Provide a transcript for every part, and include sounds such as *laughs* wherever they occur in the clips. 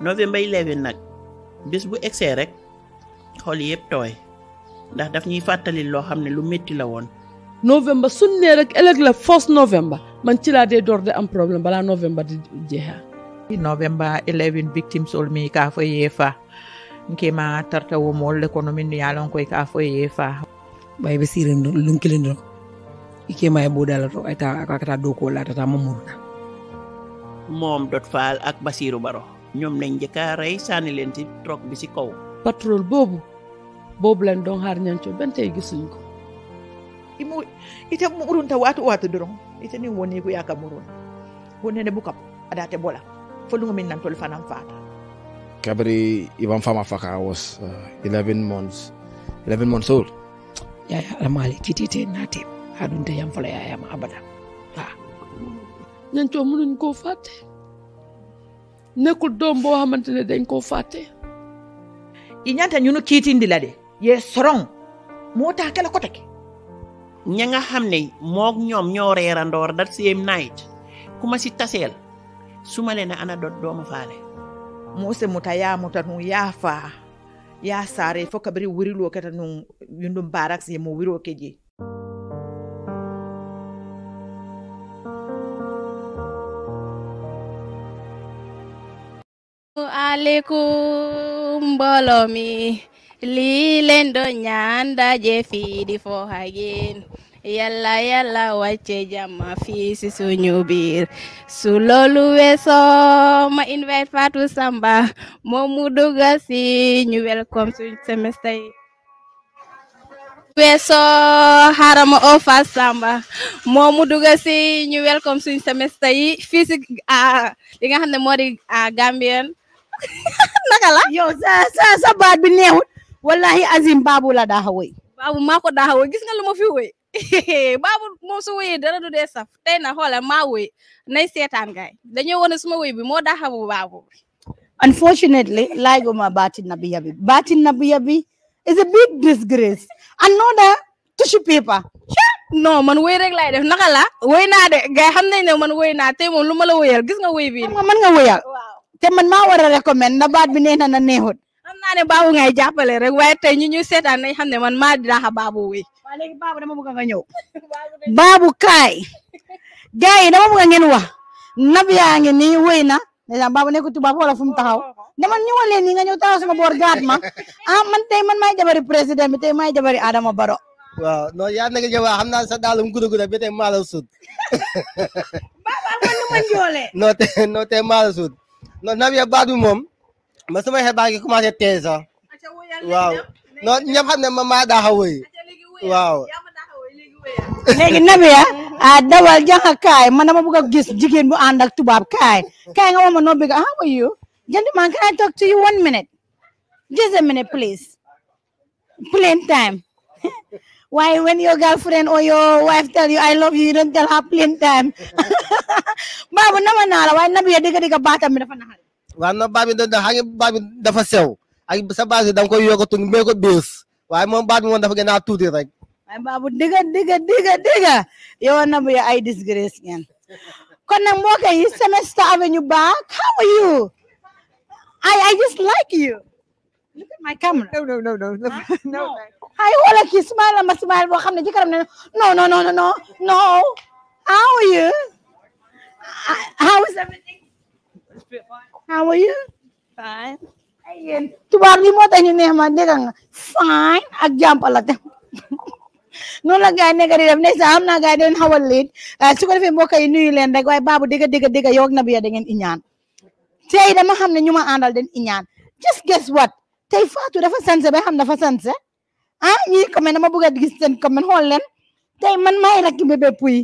November 11 nak, bés bu egsee rek xool yëpp tooy ndax daf ñuy fàttali loo xam ne lu métti la woon. November suñ nee rek la first November man ci laa dee door de am problème balaa November di November 11 victims olmi kaa fo yefa. nkema tarta womol l'économie nu yaalon koy kaa fo yeefa. ɓay ɓe siren ɗon lunkilen ɗon ikema e ɓoodala to ayta akakata dow ko laatata moom dot faal ak basiru baro Nyom lañ njëkka rey sànni leen ci trok bi ci kaw patrol boobu boobu lañ doon xaar ñanco ben tey gisuñ ko imu ite murunta watu watu dorong ite ni woni ko yaka murun woni ne bukap adate bola folungo min nan tol fanam fata kabri ibam fama faka was uh, 11 months 11 months old ya ya amali kitite nate adunte yam fala ya yam abada ha ñanco munun ko fatte nekkul doom boo xamante ne dañ koo fàtte i ñanta ñunu kiitindi la de yee sorong moo taa kala kote ke ña nga xam ne moo ñoom ñoo reerandoor that same night kuma si taseel suma le na ana dot dooma faale muuse muta yaa muta nu yaa faa yaa saare fo kabiri wiriloo keta nu yundum baaraksi ye mu wiroo ke je alaikum bolomi li len do nyanda je fi di fo hagen yalla yalla wacce jàmm fi si suñu bir su weso ma invite Fatou Samba momu duga si ñu welcome suñu semester yi weesoo o fa Samba momu duga si ñu welcome suñu semester yi fi si li ah, nga xamne modi ah, Gambian *laughs* naka la. yow sa sa sa baat bi neexut. wallahi azim baabu la daaxa woy. baabu maa ko woy gis nga lu ma fi woy. *laughs* baabu moom su woyee dara du dee saf tey na xoolal maa woy nay seetaan gaay dañoo wane suma woy bi moo daaxa bu baabu. unfortunately layguma baatin nabiya bi baatin nabiya bi is a big disgrace another tissue paper. non man woy rek laay def naka la woy naa de gaay xam nañ ne man woy naa tey moom lu ma la woyal gis nga woy bi. man nga woyal. te man maa war a na baat bi nee na na neexut xam naa ne baabu ngay jàppale rek waaye tey ñu ñu seetaan nañ xam ne man maa dinaa xa baabu wéy waaye léegi baabu dama bëgg nga ñëw baabu kaay gars yi dama bëgg ngeen wax nab yaa ngi nii wéy na dèjà baabu nekku tubaab wala fu mu taxaw dama ñëwal leen nii nga ñëw taxaw sama boor ma ah man tey man maay jabari président bi tey maay jabari Adama Baro waaw non yaa nekk jawaa xam naa sa daalum guda guda bi tey maa la sut baabu man nu ma njoolee *laughs* non te non Nabia Badou mom. ma samay xibaar gi commencé tey sax waaw non ñëpp xam ne ma maa daaxa wëy waaw léegi Nabia a dawal janxa kaay man dama bëgg a gis jigéen bu ànd ak tubaab kaay kaay nga wax ma noo bëgg how are you gentleman can I talk to you one minute just a minute please plain time *laughs* Why when your girlfriend or your wife tell you I love you, you don't tell her plain time. *laughs* Babu naman nala, why na biya diga diga bata mi dafa nahari. Why na babi don da hangi babi dafa sew. Ay sa basi dam ko yoko tung me bills. Why mo babi mo dafa gana tuti rek. Ay babu diga diga diga diga. Yo na biya ay disgrace yan. Kon nang mo kay semester avenue back. How are you? I I just like you. Look at my camera. No, no, no, no. Huh? No. no ay xoolal kii smile ma smile boo xam ne jëkkëram ne non non non no how are you ah, how is everything how are you fine ay yéen tubaab li moo tax ñu neex ma dégg nga fine ak jàmpala te la *laughs* gaay nekk di def ne sax am naa gaay doon xaw a liit su ko defee mbokk yi nuyu leen rek waaye baabu dégg dégg dégg yow na bi ya ngeen iñaan tey dama xam ne ñu àndal den iñaan just guess what tey Fatou dafa sanse ba xam fa sanse ah ñii comment ma bëgg a gis seen comment xool leen tey man maay rakki bébé puy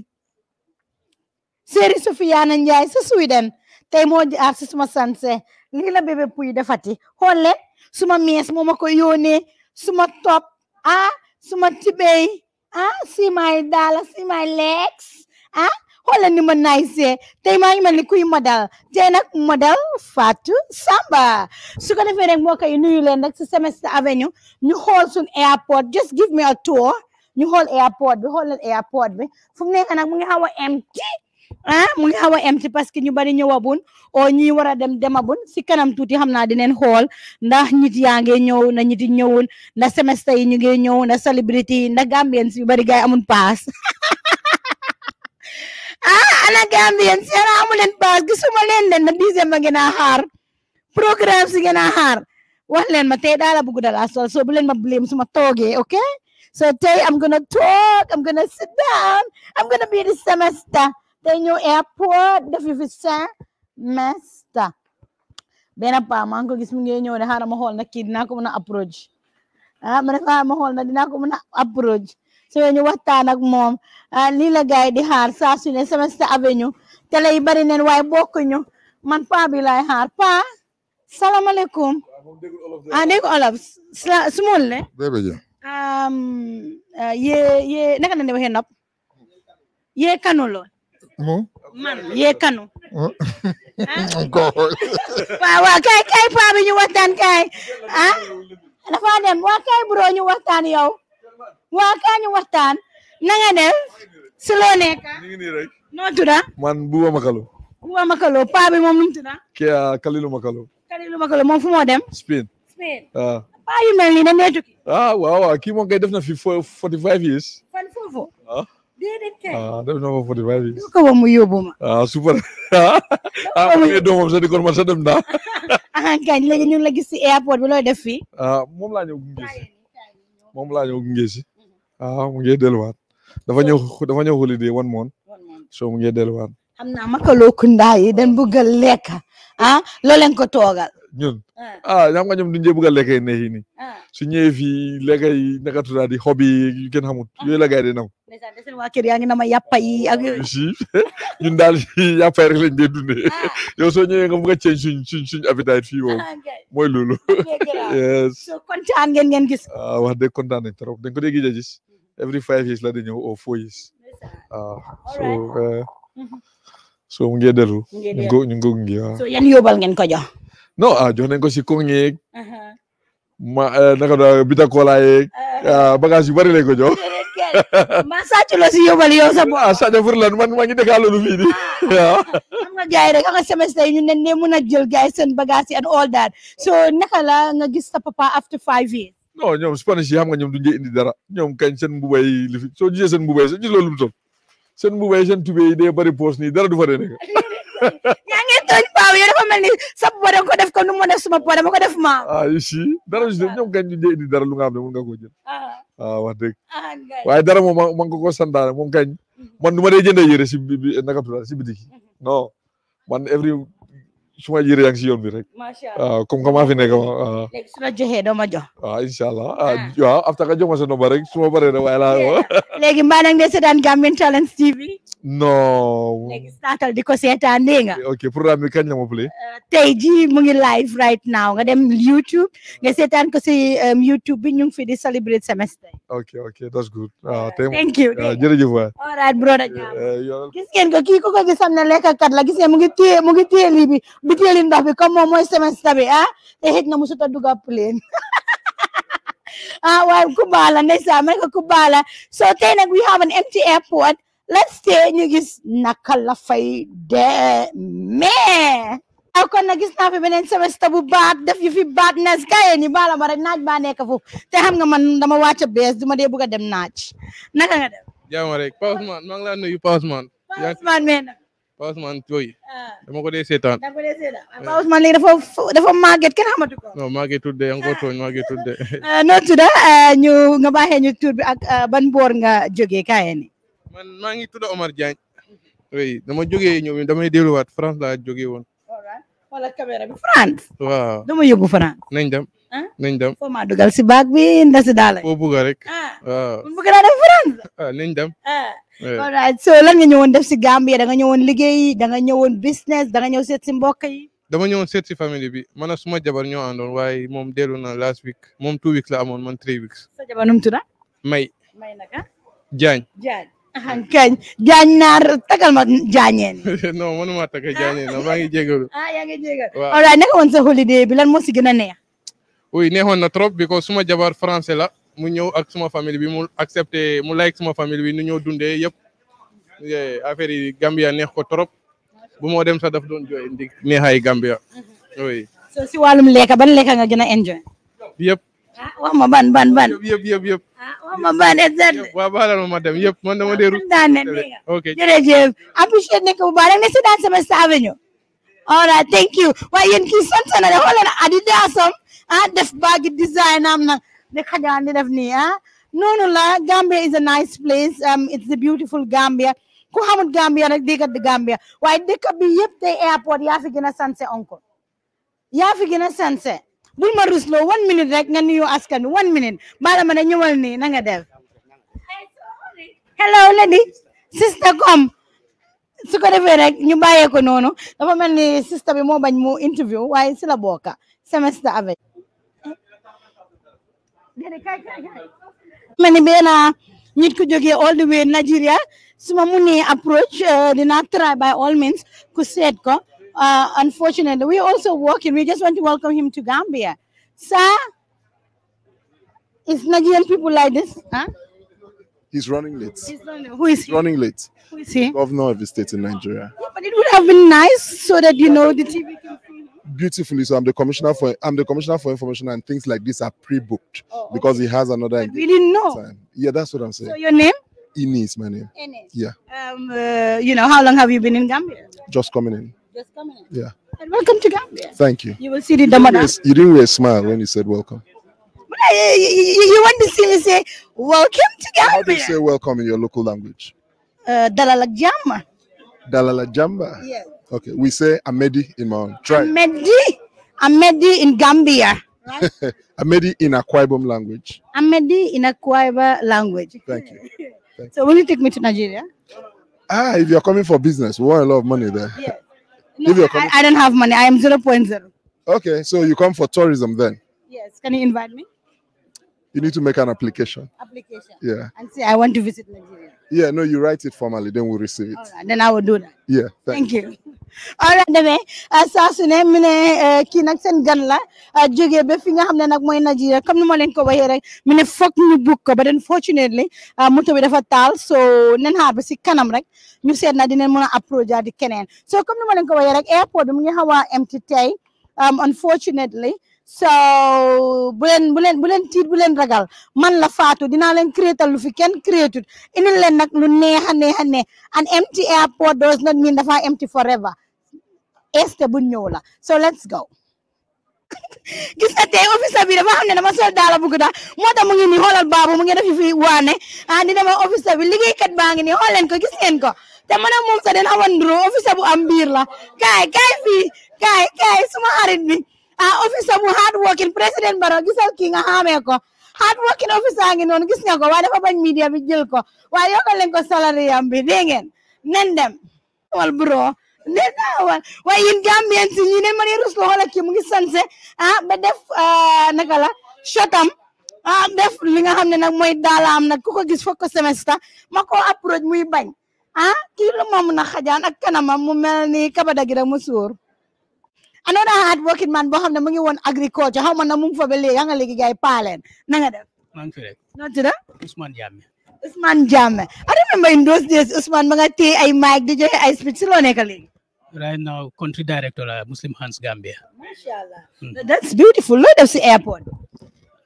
séeri Sufiyaana Njaay sa Sweden tey moo jaar si suma sanse lii la bébé puy defati xool leen suma mees moo ma ko yónnee suma top ah suma tibey ah si may daala si ah xoolal ni ma naay see tey maa ngi mel ni kuy modal tey nag modal Fatou Samba su ko defee rek moo koy nuyu leen si Semester Avenue ñu xool suñu airport just give me a tour ñu xool airport bi xool leen bi fu mu nekk mu ngi xaw a empty ah mu ngi xaw a empty parce que ñu bari ñëwabun o ñi war a dem demabun si kanam tuuti xam naa dineen xool ndax ñit yaa nge ñëw na ñiti ñëwul ndax semester yi ñu ngi ñëw ndax célébrité yi ndax Gambien si bari gaay amun paas *laughs* ana gambien seen amulen leen gisuma len len na dixième ma gën har xaar si gën a xaar wax leen ma bugu dala so bu ma blim suma toge okay so today I'm gonna talk I'm gonna sit down I'm gonna be the semester the new airport the fifth semester bena pa maa ngi ko gis mu ngi ñew ne haram hol na kid na ko approach ah ma na xaaral ma na dina ko mën na approach so ñu waxtaan ak moom ni ah, la gaay di xaar saa su ne Semester Avenue télé yi bari neen waaye bokkuñu man paa bi laay xaar paa salaamaaleykum dégg olof small ah, ne ah, ye naka na ne waxee nopp ye kanu man ye kanu *laughs* waaw waaw kay kay paa bi ñu waxtaan dafa dem waa kay bro ñu waxtaan wakanya waxtan na nga def solo man buwa makalo buwa makalo pa bi mom num tuda ke uh, ah, kalilu makalo kalilu makalo mom fu mo dem spin spin ah uh. pa yu ah wow. wa ki mo ngay def na fi 45 years 45 ah Dede ke. Ah, dede no 45. Yo ko mo yo Ah, super. ah, ko yo mom sa di ko dem da. Ah, kan la ñu la gis ci airport bi ada def fi. Ah, mom la ñu gis. moom laa ñëw gunge si mhm. ah mu ngi delluwaat dafa ñëw dafa ñëw holiday one month so mu ngi delluwaat. am naa makaloo kunda yi dañ bëgg ah lo len ko togal ñun ah ñam nga ñum duñ jee bëgg a lekkee neex su ñëwee fi lekka nakatu naka di hobby yu kenn xamut yu la gay di naw nama ñun daal fii rek lañ dee dundee yow soo ñëwee nga bëgg a ceeñ suñ suñ suñ so kontaan ngeen ngeen gis. ah wax dëgg kontaan nañ trop dañ gis mm-hmm. every five years la di ñëw au oh, four years. ah so. Eh. Mm-hmm so mu ngee dellu ñu ngi ngi ngi so yan yóbbal ngeen ko jox no ah jox nañ ko si kong yeeg ma bita ko la yeeg bagage yu bari lañ ko jox ma ci lo si yóbbal yo sa bo. ah sàcc fur lan man ma ngi dëkkaa lu fi di ah, waaw ya. kan xam nga gay kan rek xam nga semestre ñu ne ne mu na jël gay seen bagage and all that so naka la nga gis sa papa after five years no ñom spanish yi xam nga ñoom duñ indi dara Ñom kañ seen mbubay li fi So gisee seen mbubay soo gis loolu mu seen mbuba yi seen tube yi dee bari poos ni dara du fa dee nekk. *laughs* yaa ngi tooñ paaw yow dafa mel ni sa po da nga ko def ko nu mu suma po dama ko def maam. ah si dara ah. si ñoom kañ ñu dee dara lu ne mun nga koo ah. Ah, waaye dara moom man ko ko santaane moom kañ. Mm-hmm. man du ma dee jëndee yére si bi naka tudda si bitiki mm-hmm. non man every suma yére yang sion bi rek. macha allah comme que maa fi nekk ma. léegi su la joxee ma jox. waaw inshallah allah. waaw afta ka jox ma sa nomba rek suma bare paree waaye laa. léegi mbaa nag ngay seetaan Gambian TV. No. legi saatal di setan nga. ok programme bi kañ la mo play. tay ji mu ngi live right now nga dem YouTube nga setan ko si YouTube bi ñu fi di celebrate semester. ok ok that's good. Ah, eh, thank you jeuf wa all right brother. gis ngeen ko ki ko ko gis xam ne lekkakat la gis ngeen mu ngi tie mu ngi tie li bi. Bitilin daw bi, comme moom mooy semester bi ah te xëj na musuta dugg a plane ah waaye ku baax la ndeysaan ma ne ko ku baax la so tey nag we have an empty airport let's stay ñu gis naka la fay demee waaw kon nag gis naa fi beneen semester bu baat def yu fi baat nes gaye ni baala ma rek naaj baa nekk foofu te xam nga man dama wàcc bees du ma dee bëgg a dem naaj naka nga def. jàmm rek Pausman maa ngi laa nuyu Pausman. Pausman Pa Ousmane ah. dama ko dee seetaan. dama ko dee seetaan ah. Pa Ousmane léegi dafa dafa màgget kenn xamatu ko. non màgget tudde yaa ngi ko tooñ *laughs* ah, ñu nga ñu tur bi ak ban boor nga jógee kaay ni man maa ngi tudda Omar Diagne. oui dama jógee ñoom damay delluwaat France laa jógee woon. wala caméra bi France. waaw dama yóbbu France. nañ dem. Nindam. dem foo dugal si baag bi nda si daal foo bugg rek waaw ah. ah. bugg naa dem France nañ dem alright so lan nga ñëwoon def si Gambia da nga ñëwoon liggéey da nga ñëwoon business da nga ñëw seet si mbokk yi dama ñëwoon seet si famille bi man ak suma jabar ñoo àndoon waaye moom dellu na last week mom two weeks la amoon man three weeks sa jabar num tudd may may naka jaañ jaañ kañ jaañ naar tagal ma jaañeen *laughs* non manuma tagal jaañeen maa ngi jégalu ah yaa ngi jégalu alright naka woon sa holiday bi lan moo si gën a neex oui neexoon na trop because suma jabar français la mu ñëw ak ma famille bi mu accepté mu like suma famille bi nu ñëw dundee yëpp affaire yi Gambia neex ko trop bu moo dem sax daf doon jooy ndig neexaay Gambia mhm. oui. so si wàllum lekka ban lekka nga gën a enjoy. yëpp. ah wax ma ban ban ban. Ah, ma ban exact. waaw ma ma dem yëpp man dama dee. ok jërëjëf. nekk bu baax ne si daan sama saa All right thank you waaye yéen kii sant de xoolal Adidas am. ah def baagi design am nag de xajaan di def nii ah noonu la Gambia is a nice place um it's a beautiful Gambia ku xamul Gambia rek déggat di Gambia waaye dëkk bi yëpp tey airport yaa fi gën a sanse oncle yaa fi gën a sanse bul ma rusloo one minute rek nga nuyu askan wi one minute maa dama ne ñëwal nii na nga def hello lady sister kom su ko defee rek ñu bàyyee ko noonu dafa mel sister bi mo bañ mo interview waaye sila boka? bokka semester avec mani bena nit ku joge all the way nigeria suma mune approach dina uh, try by all means ku set ko uh, unfortunately we also working we just want to welcome him to gambia sir is nigerian people like this huh He's running late. He's running, who is He's he? running late. Who is he? Governor of the state in Nigeria. Yeah, but it would have been nice so that you know the TV can beautifully. So I'm the commissioner for I'm the commissioner for information and things like this are pre-booked oh, okay. because he has another. I really know. Time. Yeah, that's what I'm saying. So your name? Ines, my name. Ines. Yeah. Um, uh, you know, how long have you been in Gambia? Just coming in. Just coming in. Yeah. And welcome to Gambia. Thank you. You will see the Damada. You, didn't a smile when you said welcome. You, you, you, want to see me say welcome to Gambia? How do you say welcome in your local language? Uh, Dalalajamba. Dalalajamba. Yeah. Okay, we say Amedi in my Try. Amedi, Amedi in Gambia. Right? *laughs* Amedi in Akwaibom language. Amedi in Akwaiba language. Thank you. Thank *laughs* so will you take me to Nigeria? Ah, if you're coming for business, we want a lot of money there. Yeah. *laughs* No, you're coming... I, I, don't have money. I am 0, 0.0. Okay, so you come for tourism then? Yes. Can you invite me? You need to make an application. Application. Yeah. And say, I want to visit Nigeria. Yeah, no, you write it formally, then we'll receive it. All right, then I will do that. Yeah. Thank, Thank you. you. ala demee euh, saa su ne mu euh, kii nag seen gan la euh, jógee ba fi nga xam ne nag mooy Nigeria comme ni ma leen ko waxee rek mu ne foog ñu bugg ko ba den moto bi dafa taal so nen xaar si kanam rek ñu seet na dinañ mën a approche keneen so comme ni ma leen ko waxee rek airport bi mu ngi xaw a empty tey um, unfortunately so bu leen bu leen bu leen tiit bu leen ragal man la faatu dinaa leen créétal lu fi kenn créétut indil leen nag lu neex a neex a neex an empty airport does not mean dafa empty forever este la So let's go. *laughs* gis na tey officer bi dama xam dama sol daala bu gudda moo tax mu ngi ni xolal baabu mu ngi def fi waane ah ni dama officer bi kat ba ngi ni xool ko gis ngeen ko te man ak moom sax den amoon nduroo officer bu am bir la kay kay fi kay kay suma xarit bi ah officer bu hard working president baro gisal ki nga xaamee ko hard working officer ngi non gis nga ko wa dafa bañ media bi jël ko waaye yokkal len ko salary am bi dégg ngeen nen dem wal bro ndesawan way yin gambien si ñi ne mari rus loxo la ki mu ngi ah ba def shotam ah def li nga xam ne nag mooy daalaam nag gis foog ko semestre ma muy bañ ah kii lu moom na xajaan ak kanamam mu mel ni kabada gi rek mu suur another hard working man boo xam mu ngi woon agriculture xaw ma na mu ngi fa ba léegi nga léegi gars yi paaleen na nga def maa ngi fi rek noo tudd Ousmane Jammeh Ousmane Ousmane nga ay mic di joxe ay speech right now country director uh, Muslim Hans Gambia. Mashallah. Mm. That's beautiful. Look at the airport.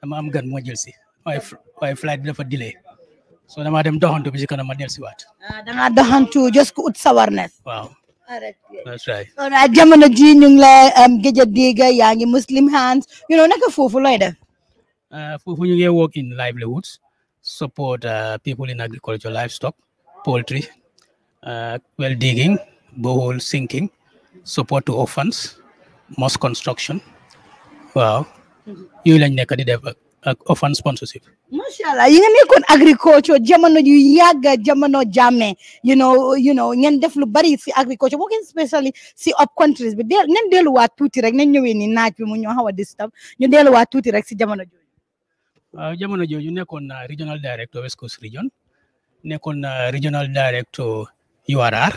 I'm am gan mo jël ci. Way way flight dafa delay. So dama dem doxantu bi ci kanam ma del ci wat. Ah da nga doxantu just ko ut sawarnes. Wow. That's right. So na jamono ji ñu ngi lay am gëjë diga yaangi Muslim Hans. You know naka fofu loy def. Uh, ah, fofu ñu ngi work in livelihoods support uh, people in agriculture livestock poultry uh, well digging borehole sinking support to orphans mosque construction waaw yooyu lañ nekk di def ak orphan sponsorship macha allah yi nga nekkoon agriculture jamono yu yàgg jamono jàmme you know you know ngeen def lu bari si agriculture boo ngeen especially si up countries bi del ngeen delluwaat tuuti rek ngeen ñëwee ni naaj bi mu ñoo xaw a disturb ñu delluwaat tuuti rek si jamono jooju waaw jamono jooju nekkoon na regional director West Coast Region nekkoon na regional director URR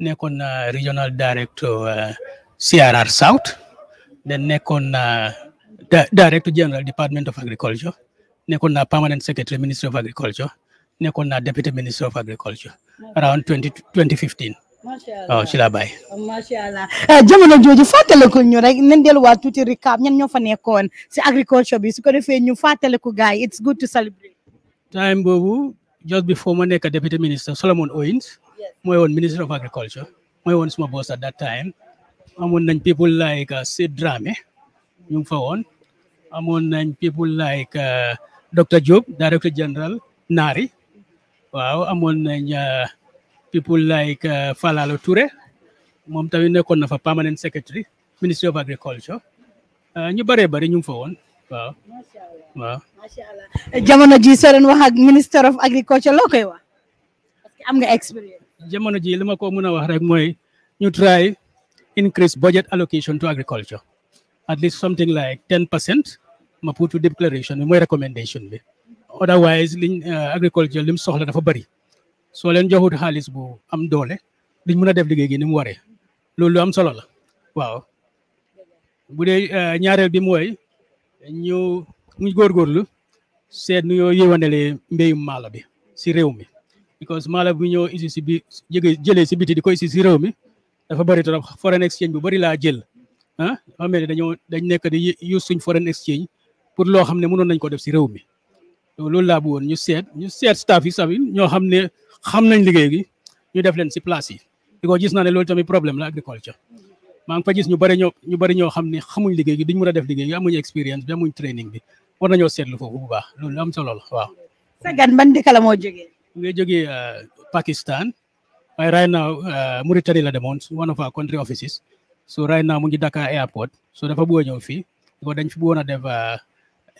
nekkoon na regional director uh, CRR South then nekkoon na uh, director general department of agriculture nekkoon na permanent secretary ministry of agriculture nekkoon na deputy minister of agriculture around 2015 waaw ci laa bàyyi macha allah eh, jamono jooju fàttaliku ñu rek nañ delluwaat tuuti recap ñan ñoo fa nekkoon si agriculture bi su ko defee ñu fàttaliku gars yi it's good to celebrate time boobu just before ma nekk deputy minister Solomon Owens mooy woon minister of agriculture mooy woon suma boss at that time amoon nañ people like uh, Sid Drame ñu ngi fa woon amoon nañ people like uh, docteur Diop director general Nari waaw amoon nañ uh, people like Falalo Touré moom tamit nekkoon na fa permanent secretary ministry of agriculture ñu bare bëri ñu ngi fa woon waaw waaw macha allah jamono ji soo leen of agriculture loo koy jamono ji li ma ko mën a wax rek mooy ñu try increase budget allocation to agriculture at least something like ten percent Maputo declaration bi mooy recommendation bi otherwise liñ uh, agriculture lim soxla dafa bëri soo leen joxut xaalis bu am doole liñ mën a def liggéey gi ni mu waree loolu lu am solo la waaw bu dee uh, ñaareel bi mooy ñu ñu góorgóorlu seet nu yoo yéwanele mbéyum maalo bi si réew mi because mala bu ñëw isi si bi jëlee si biti di isi si réew mi dafa bari trop foreign exchange bu bari laa jël ah xam ne dañoo dañ nekk di use suñ foreign exchange pour loo xam ne mënoon nañ ko def si réew mi loolu laa bëggoon ñu seet ñu seet staff yi sax ñoo xam ne xam nañ liggéey gi ñu def leen si place yi di gis naa ne loolu tamit problème la agriculture maa ngi fa gis ñu bari ñoo ñu bari ñoo xam ne xamuñ liggéey gi duñ mën a def liggéey gi amuñ expérience bi amuñ training bi war nañoo seetlu foofu bu baax loolu am solo la waaw. sa gan ban dëkk la moo ngay joggé eh, Pakistan My eh, right now eh, Mauritania la demoon one of our country offices so right now mu ngi Dakar airport so dafa bëgg a fi dan ko dañ fi bëggoon def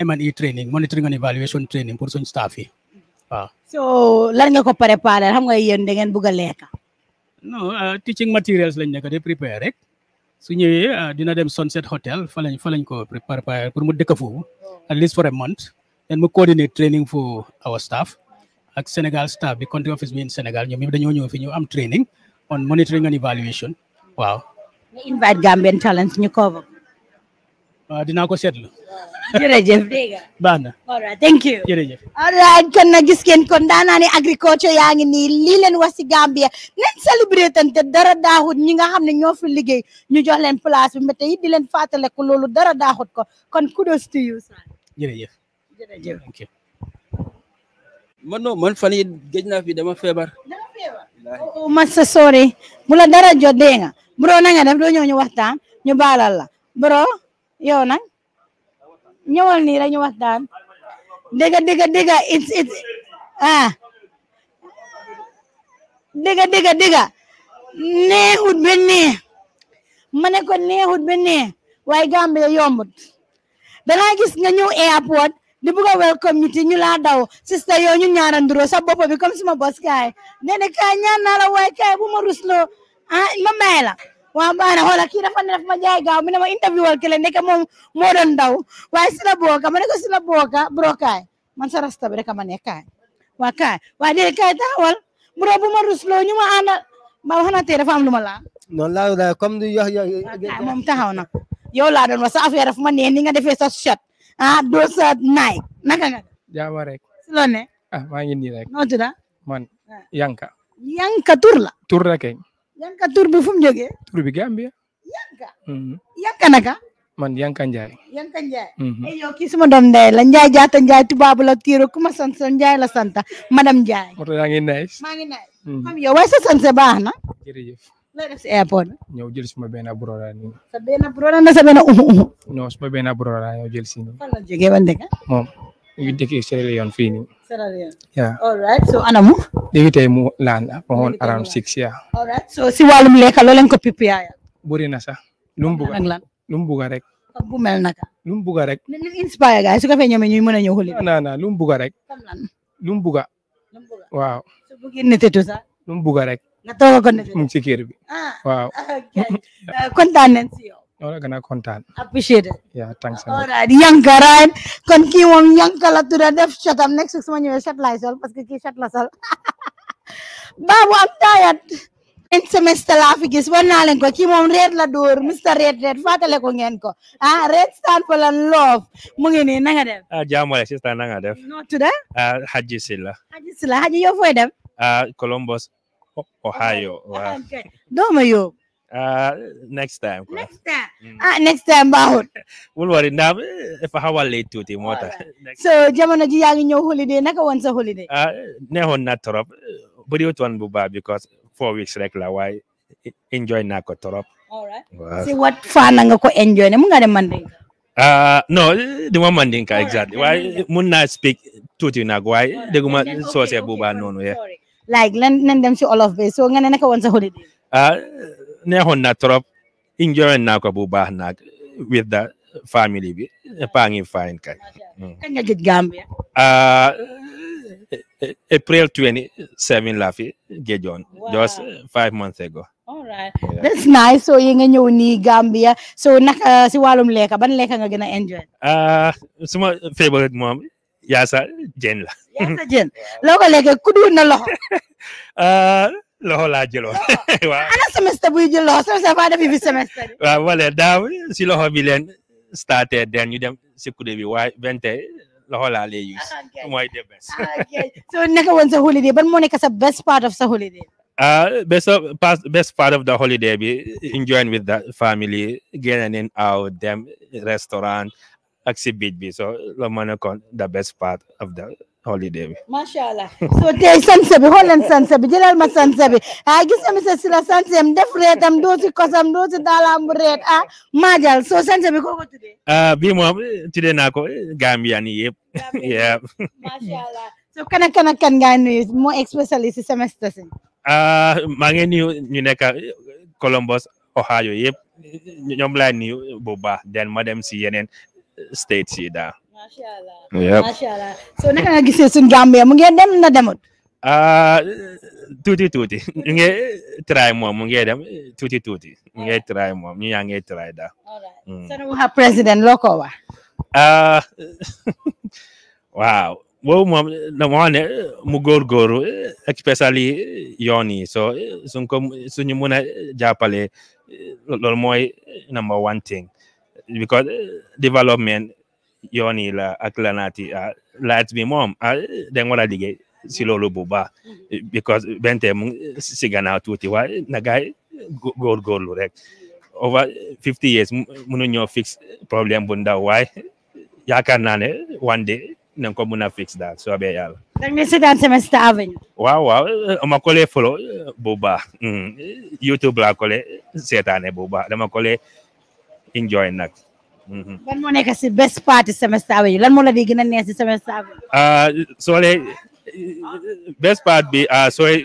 M&E training monitoring and evaluation training pour staffi. staff yi ah. so lan nga ko préparer xam nga yeen da ngeen bëgg a no teaching materials lañ nekk de prepare rek. su ñëwee dina dem Sunset Hotel fa lañ fa lañ ko prepare pour mu dëkk foofu at least for a month and mu coordinate training for our staff. ak Sénégal staff bi country office bi in Sénégal ñoom ñëpp dañoo ñëw fi ñu am training on monitoring and evaluation waaw. ñu invite Gambian Talents dinaa ko seetlu. jërëjëf dégg *laughs* nga. baax na. thank you. jërëjëf. all right kon na gis ngeen kon daanaa ne agriculture yaa ngi nii lii leen wax si Gambia nañ célébré tante dara daaxut ñi nga xam ne ñoo fi liggéey ñu jox leen place bi mais tey di leen fàttale ko loolu dara daaxut ko kon kudos to you. jërëjëf man no man fani gejna fi dama febar. dama febar. Oh, oh, man sa sori mula dara jodde nga bro na nga def do ñoo ñu waxtaan ñu balal la bro yow nak ñewal ni rek ñu waxtaan Dega dega dega, it's it it ah dega dega dega. Ne dégg neexut ba neex ne ko neexut ba neex waaye Gambia yombut dangaa gis nga ñew airport di buka welcome meeting, yi ñu laa daw sister yoo ñu ñaananduroo sa bopp bi comme suma bos kay nee na kaay ñaan naa la way kay bu ma ruslo. ah ma may wa waa baana hola ki dafa ne ma jay gaaw mi ne ma interview wal kele nekk moom mo doon daw way sila boka ma ne ko sila boka e. e. E. bro kay man sa rasta bi rek ma ne kay wa kay wa kay tawal bro bu ma ruslo, ñu ma ana ba wax te dafa am lu la non la la comme du yo ya, yo ya, ya, mom taxaw nak yo la doon wa sa affaire dafa ma ne ni nga defé sa chat ah Dosa Naik naka nga. jaama rek. si ah maa ngi nii rek. noo man ah. Yanka. Yanka tur la. tur la kay. Yanka tur bi fu mu tur bi Gambia. Yanka. Mm-hmm. Yanka naka. man Yanka Ndiaye. Yanka Ndiaye. Mm-hmm. eh yow kii suma doom ndey la Ndiaye jaata Ndiaye tubaabu la tiiro kuma sant sa la santa madame Ndiaye. moto yaa ngi nice. maa ngi mm-hmm. sanse baax na. jërëjëf. looy def si airport bi. ñëw jël suma benn broda nii. sa benn broda na sa benn umu umu. non suma benn broda so anamu. léegi tey mu laan ah, around six ya. all so si wàllum lekka loo leen ko pipiyaaya. bëri na sax. lu mu buga lu inspire gars yi su ko fee ñoomee ñuy mën a ñëw xuli. non non lu mu rek nga toog a ne mu ngi si kër bi appreciate yaa thanks all right yanka right kon kii moom yanka la next su ma ñëwee ya, chat laay sol parce que kii chat la sol *laughs* baabu am taayat en semestre laa fi gis wan naa ko kii moom reet la dóor mister red red fàttale ya ko ngeen ko ah red stand for love mu ngi nii na nga def ah jaamale sista na nga def noo tudda ah Haji sila Haji sila Haji yow fooy dem ah Columbus Oh, Ohio. Wow. Ah, okay. Domayo. Uh, ah, next time. Next time. Mm. Ah, next time bawon. Wul wari na eh, have a late to the mota. So jamono ji yaangi ñew holiday naka won sa holiday? Ah, nehon na torop. Bari wut wan bu ba because four weeks regular. la enjoy na ko torop. All right. Wow. See what fun nga ko enjoy ne mu nga dem mande. Uh, ah, no, the one man didn't exactly. Why, Munna speak to you go. Why, the woman, so say, Buba, no, yeah. Sorry like lan them show all of this so nga am going to sa holiday. ah neexoon na trop enjoy naa ko bu na with the family bi paa ngi fine kay. Mm. kañ nga gëj Gambia. ah April 27 lafi fi just five months ago. all right that's nice so you nga ñëw nii Gambia so naka si wàllum lekka ban lekka nga gën enjoy. ah suma favorite mo. Yes, sir. la yaasa jeen loo ko lekkee ku duur na loxo loxo laa jëloon waaw ana semestre buy ah, jël loxo semestre faa defi fi semestre waaw wala daaw si loxo bi leen starté dem bi use so naka woon holiday ban moo nekk sa best part of sa holiday uh, best of past, best part of the holiday be enjoying with the family, getting in out them restaurant. ak si bi so la mën a kon the best part of the holiday bi macha allah so tey ah, doosi kosam doosi daalaam bu reet ah maajal so sanse bi koo ko tuddee ah bii moom tuddee naa ko Gambian yi yëpp yëpp so kana kana kan ngaa moo especially si semestre si ah maa ngi nuyu ñu nekk Columbus Ohio yëpp ñoom laa bu baax den ma dem si yeneen states yi daal. macha allah macha so naka nga gisee suñu mu ngi dem na demut. Ah, tuuti tuuti ñu ngi mu ngi dem tuuti tuuti ñu ngi try moom ñu yaa ngi try mm. ah, *laughs* waaw boobu moom dama wax mu góorgóorlu especially yoon yi so suñ ko suñu mun a jàppale loolu mooy number one thing. because eh, development yoni la aklanati, lanati a ah, laat bi moom a ah, den wala liggéey si loolu mm-hmm. because bente mung eh, si gannaaw wa nagai na gaay go, rek over fifty years munu ñoo fix problem bunda ndaw waaye yaakaar one day nañ ko fix a So daal soobee yàlla da sit down Semester Avenue Wow, wow. Eh, ma ko follow bu baax mm. YouTube la ko setane buba. bu baax dama ko enjoy nag. ban mhm. moo nekk si best party semester away lan moo la di gën a si semester away. Ah, soo lee best part bi ah, sooy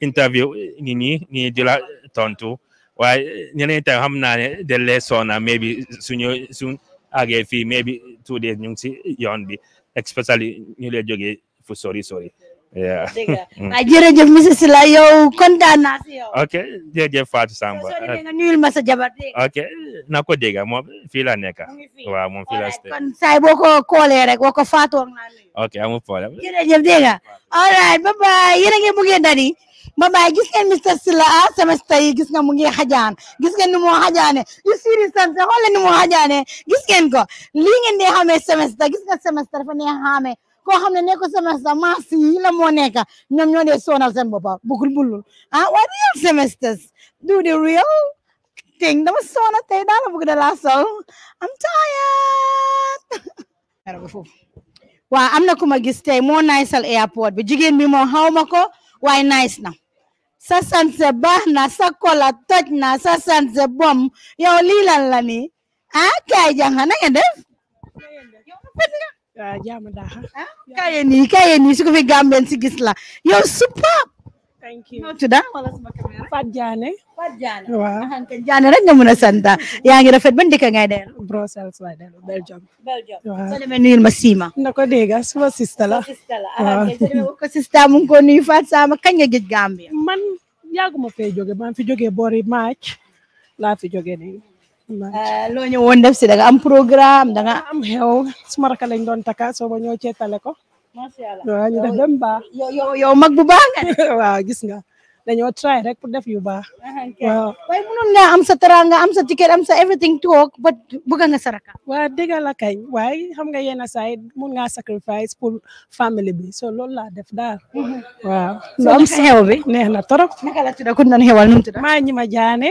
interview nit ñi ñi di la tontu waaye ñeneen tam xam naa ne de lee soona maybe suñu suñ àggee fii maybe two days ñu si yoon bi especially ñu lee jógee fu sori sori yeah dégg nga *laughs* mm. jërëjëf yow kontaan naa si yow ok jërëjëf Fatou Samba nga nuyul ma sa jabar dégg ok na ko moom fii la nekk moom fii la saay boo ko rek boo ko faatoo naa ok amul problème jërëjëf dégg nga all right bye a dadi bye gis ngeen monsieur Sylla ah semestre yi gis nga mu ngi gis ngeen ni moo yu siri santé xool ni moo xajaane gis ngeen ko lii ngeen dee xamee gis nga semestre dafa nee xamee koo xam ne nekkul semestre maasi yi la moo nekk ñoom ñoo dee sonal seen boppa bugul bulul ah waa real semesters do the real thing dama soona tey daal la bugg da laa sol am tired waaw am na ku ma gis tey moo niceal airport bi jigéen bi moom xaw ma ko waaye nice na sa sanse baax na sa kola toj na sa sanse bom yow lii lan la ni ah kaay jàng na ngeen def jaama daaxa ya. kaye ni kaye nii su ko fi gambeen si gis la yow superb thank you noo tudda Fat Diané Fat Diané waaw Diané rek nga mën a santa yaa ngi rafet ban dëkk ngay dellu Brussels lay dellu Belgium Belgium soo demee nuyul ma Sima na ko dégga suma sista la ko sista mu ko nuyu Fat Sama kañ nga Gambia man yàgguma fee jóge maa fi jógee boori match, laa fi jóge nii Eh, loo ñëwoon def si da am programme da am xew suma rakk lañ doon taka soo ma ñëw ceetale ko. macha allah waaw ñu def dem yow mag bu baax *laughs* waaw gis nga dañoo try rek pour def yu baax. waaw waaye mënoon nga am sa teranga am sa ticket am sa everything toog ba bëgg nga sa rakk. waaw dégg la kay waaye xam nga yenn saa yi mun ngaa sacrifice pour family bi so loolu laa def daal. Mhm. waaw. lu am xew bi neex na trop. naka la tudd ak ku ñu doon xewal nu mu tudd. ma jaane.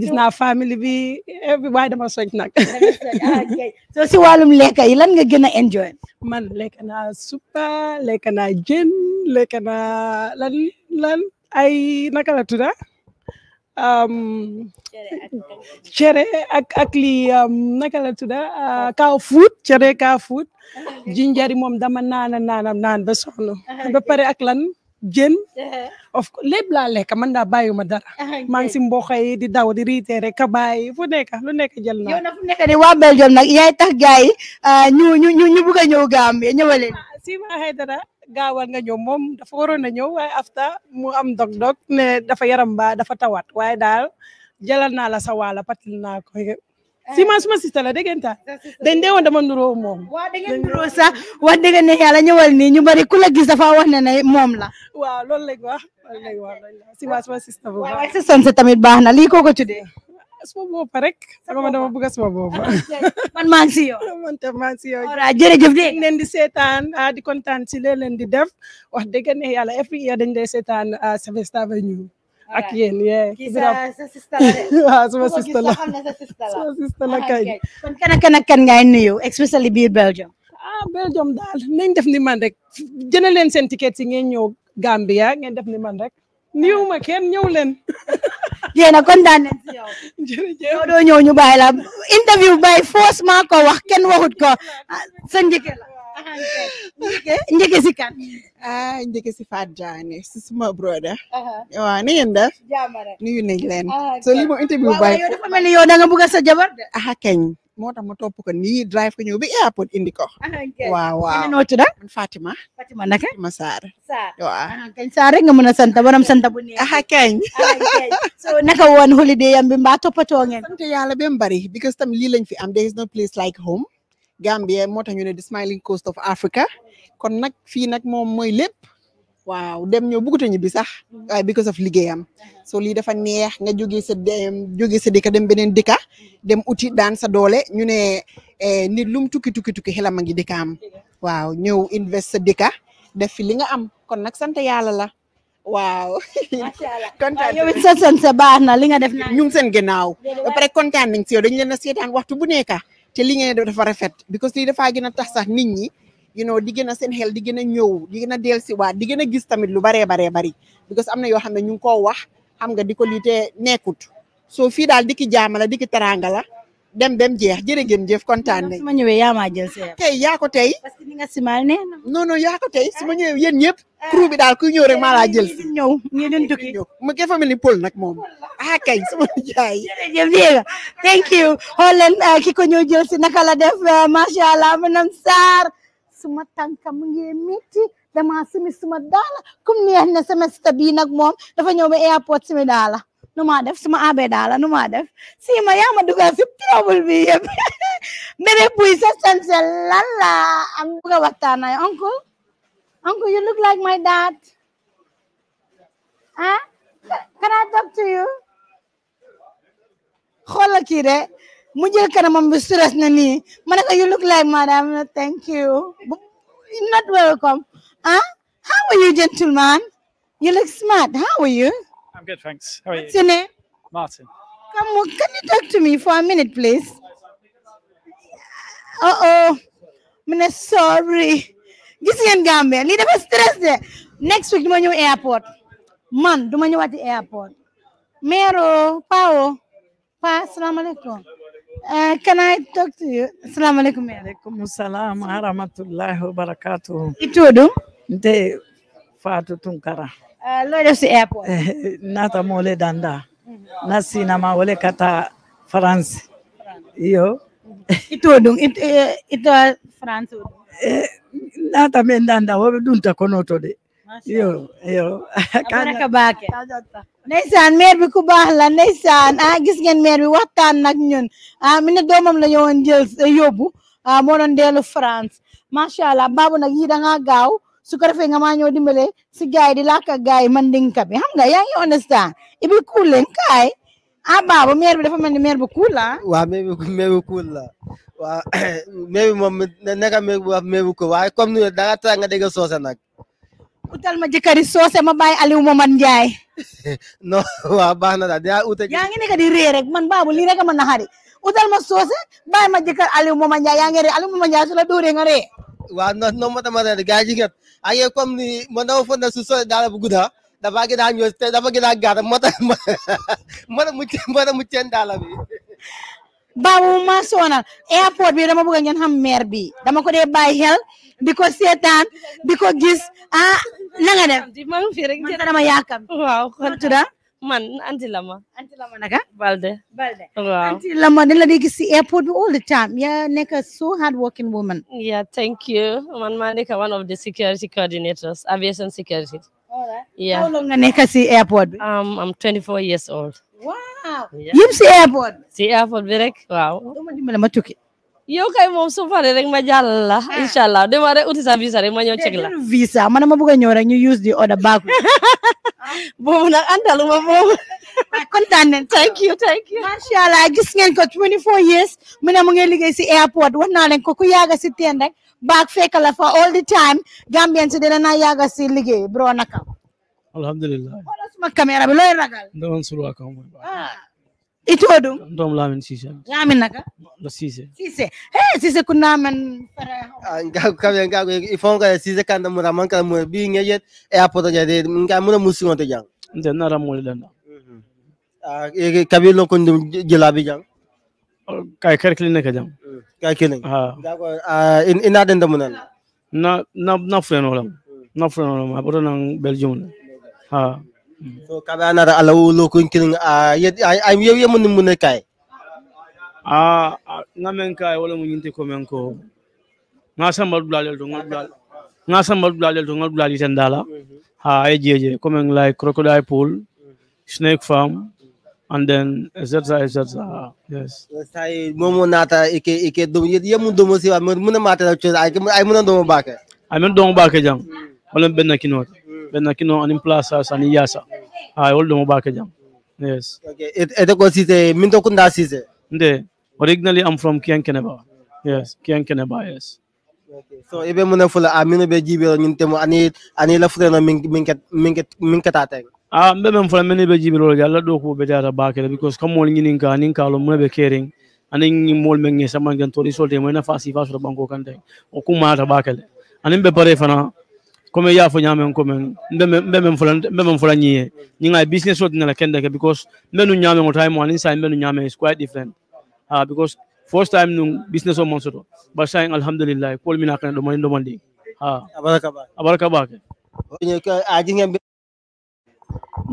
gis naa famille bi waaye dama soj nag. *laughs* soo ah, *laughs* si wàllum lekk yi lan nga gën a enjoy. man lekk naa suppa lekk naa jën lekk naa lan lan ay naka la tudd um, ak ak li um, naka la tudd ah, kaw food cere kaw ah, moom dama naana naanam naan ba soxla. ba pare ak lan. jën of lépp laa lekk man daa bàyyiwuma dara ah, maa si mboq yi di daw di riiteere kabaay yi fu nekk lu nekk jël naa yow na fu nekk ni waa Belgium nag yaay tax gaay ah, ñu ñu ñu ñu bugg a ñëw Gambie ñëwaleen ah, si ma xay dara gaawal nga ñëw moom dafa waroon a ñëw waaye afta mu am dog-dog ne dafa yaram ba dafa tawat waaye daal jëlal naa la sa waala patil naa Si mas mas la degenta ta den de wanda man duro mom wa degen duro sa wa degen ne yalla ñewal ni ñu bari kula gis dafa ne mom la wa lol lay wax lay wax sima mas sista bu wa sa tamit baxna li ko ko tudde parek, bopa rek sama dama bëgg bo bopa *laughs* man man ci yow *laughs* man tam man ci ora jërëjëf de nen di setan, ah, di kontan ci leen di def wax dëgg ne every year dañ lay a sevesta ah, venue. ak yéen yee. kii sa sa sista la de. waaw sama sista la xam ne la. kay. kon kan kan ak kan ngay nuyu Belgium. ah Belgium daal nañ def ni man rek jënd leen seen ticket ngeen ñëw Gambia ngeen def ni man rek niw ma kenn ñëw leen. jéena kontaan nañ si yow. ñëw ñu bàyyi la interview by force maa ko wax kenn waxut ko sa njëge si kan ah njëge si Fat Diané si suma broda waaw na ngeen def nuyu nañ leen ah, so li interview bay yow da nga bëgg sa jabar de ah moo tax ma topp ko ni drive ko ñëw ba airport indi ko waaw waaw noo tudd Fatima Fatima naka Fatima Sarr waaw kañ Sarr rek nga mën a sant borom sant bu neex ah kañ so naka woon holiday yam bi mbaa toppatoo ngeen sant bari because tam lii lañ fi am there is no place like home Gambia moo tax ñu ne the smiling coast of Africa kon nag fii nag moom mooy lépp waaw dem ñoo bëggut a ñibbi sax waaye because of liggéeyam so lii dafa neex nga joge sa jógee sa dëkka dem beneen dëkka dem uti daan sa doole ñu ne eh, nit lum tukki tukki tukki xelam a ngi dëkkaam waaw ñëw invest sa dëkka def fi li nga am kon nag sant yàlla la waaw. macha allah *laughs* kontaan sa baax na li nga def. ñu seen ginnaaw kontaan nañ si yow leen a seetaan waxtu bu nekka te li ngeen def dafa rafet because lii dafaa gën a tax sax nit ñi you know di gën a seen xel di gën a ñëw di gën a dellusiwaat di gën a gis tamit lu baree baree bari because am na yoo xam ne ñu ngi koo wax xam nga di ko lii te nekkut soo fii daal di ki jaamala di ki teraanga la dem dem jeex jërë ngeen jëf kontaan nañ. su ma ñëwee yaa maa jël seer. tey yaa ko tey. parce que ni nga simal nee na. non tey su ma ñëwee yéen ñëpp. Ah. crew daal kuy ñëw rek maa laa jël ñëw ñu doon tukki ñëw ma kii dafa mel ni Paul moom ah kay suma jaay. jërëjëf dégg nga thank you xool leen ah, ki ko ñëw jël si naka la def ah, macha allah maanaam Sarr suma tànka mu ngi métti. dama simi suma daala comme neex na semestre bii nag moom dafa ñëw ba airport simi daala No matter, suma abe dala No matter, si ma ya ma dugal si trouble bi yeb mere buy sa sanse lan la am buga waxtaan ay uncle uncle you look like my dad ah can i talk to you xoolal kii Mujer mu jël kanamam bi na nii ma you look like madam thank you not welcome ah how are you gentleman you look smart how are you I'm good, thanks. How are What's you? your name? Martin. Come on, can you talk to me for a minute, please? Uh oh. I'm sorry. This is Gambia lii dafa stress de next week duma ñëw airport man duma ñëwaati airport mero pawo pa salaamaaleykum uh, can I talk to you salaamaaleykum aleykum salaam wa rahmatullahi wa barakatuhu i tuudu nte Fatou Tunkara Eh, Nata mole danda. na -hmm. Nasi nama wale kata France. Iyo. Ito dung it eh, ito France. Eh, Nata mendanda wabe dunta konoto de. Iyo, iyo. Kana kabake. Neysan, mer bi ku baax la ndeysaan ah gis ngeen bi waxtaan nag ñun ah mine domam doomam la ñëwoon jël yóbbu ah mo doon France macha allah baabu nag da gaaw su ko defee nga maa ñoo dimbale si gaay di làkk ak gaay mandinka bi xam nga yaa ngi understand ibi cool leen kaay ah baaba maire bi dafa mel ni maire bu cool waa ah. waaw maire bi maire bu cool la waaw *clears throat* maire bi moom nekka maire bu wax maire bu cool comme nu nga dégg soose nag utal ma jëkkëri soose ma bàyyi Aliou Momad Ndiaye *laughs* non waa baax na daal daa utal yaa ngi nekk di rek man baabu lii rek ma naxari utal ma soose bàyyi ma jëkkër Aliou Momad Ndiaye yaa ngi ree Aliou Momad Ndiaye su la dóoree nga ree waaw non non moo tax ma Hayo comme ni mwanaume funda suso dala buguda dafa gida nyoste dafa gida gara mata *laughs* mata muchen mata muchen dala bi baabu ma sonal airport bi dama bëgg ngeen xam maire bi dama ko dee bàyyi xel di ko seetaan bi ko gis ah na nga def di ma fi dama yaakam waaw kon Man, Antilama. Antilama naga? Balde. Balde. Oh, wow. Antilama, nila nigi si airport all the time. Yeah, neka so hardworking woman. Yeah, thank you. Man, man, one of the security coordinators, aviation security. All right. Yeah. How long neka si airport? Um, I'm 24 years old. Wow. Yeah. Yim airport. See airport, Berek. Wow. Duma di mala matuki. yow kay moom su rek ma jàll la ah. incha allah dama rek uti visa rek ma ñëw ceg la visa man ma bëgg a ñëw rek ñu use di order back *laughs* boobu nag andaluma boobu *laughs* ah, kontaan nañ thank you thank you macha allah gis ngeen ko 24 years mu ne mu ngi liggéey si airport wax naa leen ko ku yaaga si teen rek baak fekk fa all the time Gambien si dina yaaga si liggéey bro naka bi looy ragal itu ito ɗum ɗum laamin sise min naka ɗo sise sise he sise ko naaman kamɓe gago il faut kala sise da mura man ka mura bi yet e appoto jade nga mura musiŋo to jang nde nara muli lo kun dum jela bi jang oh, kay kar kilin ka jang hmm, kay kilin ha ah, in ina den da munan na na na fulenolam hmm. na fulenolam apoto na belgium ha so kaɓe ala wolo kon a yew yemu mune kay a ah, ah, ngamen kay wala mu nyinte komen ko to ngal nga samba dala ha ay jeje komen like crocodile pool snake farm and then etc etc yes sai momo nata ike ike dum yemu dum si wa mun mata ay mun dum baake ay wala benna kinota ɓenna kino anin place sani yasa ay wolɗomo ɓake jam yes okay. ete ko sise min to kunda sise nde originally i'm from kiyankeneba yes kiyankeneba yes okay. so ibe mune fula aminu ah, be jibiro ñin temo ani ani la fuleno min min ket min ket min ketateng ah mbe men fula men be jibiro ga la do ko be data bakere because comme wol ñinin ka nin kalo mune be kering anin ñi mol men ngi sama ngen to di solte mo na fasi fasu banko kante o kuma ta bakele anin be bare fana comme ya il y a ko un commun même folan même folan ñi ñi ngai business wot na kende ke because menu nu nyame mo ni sai men nu is quite different ah uh, because first time nu business o monsoto ba sai alhamdulillah kol mina kan do mo ndo mandi ha ah. baraka ba baraka ba ke ni ka aji ngem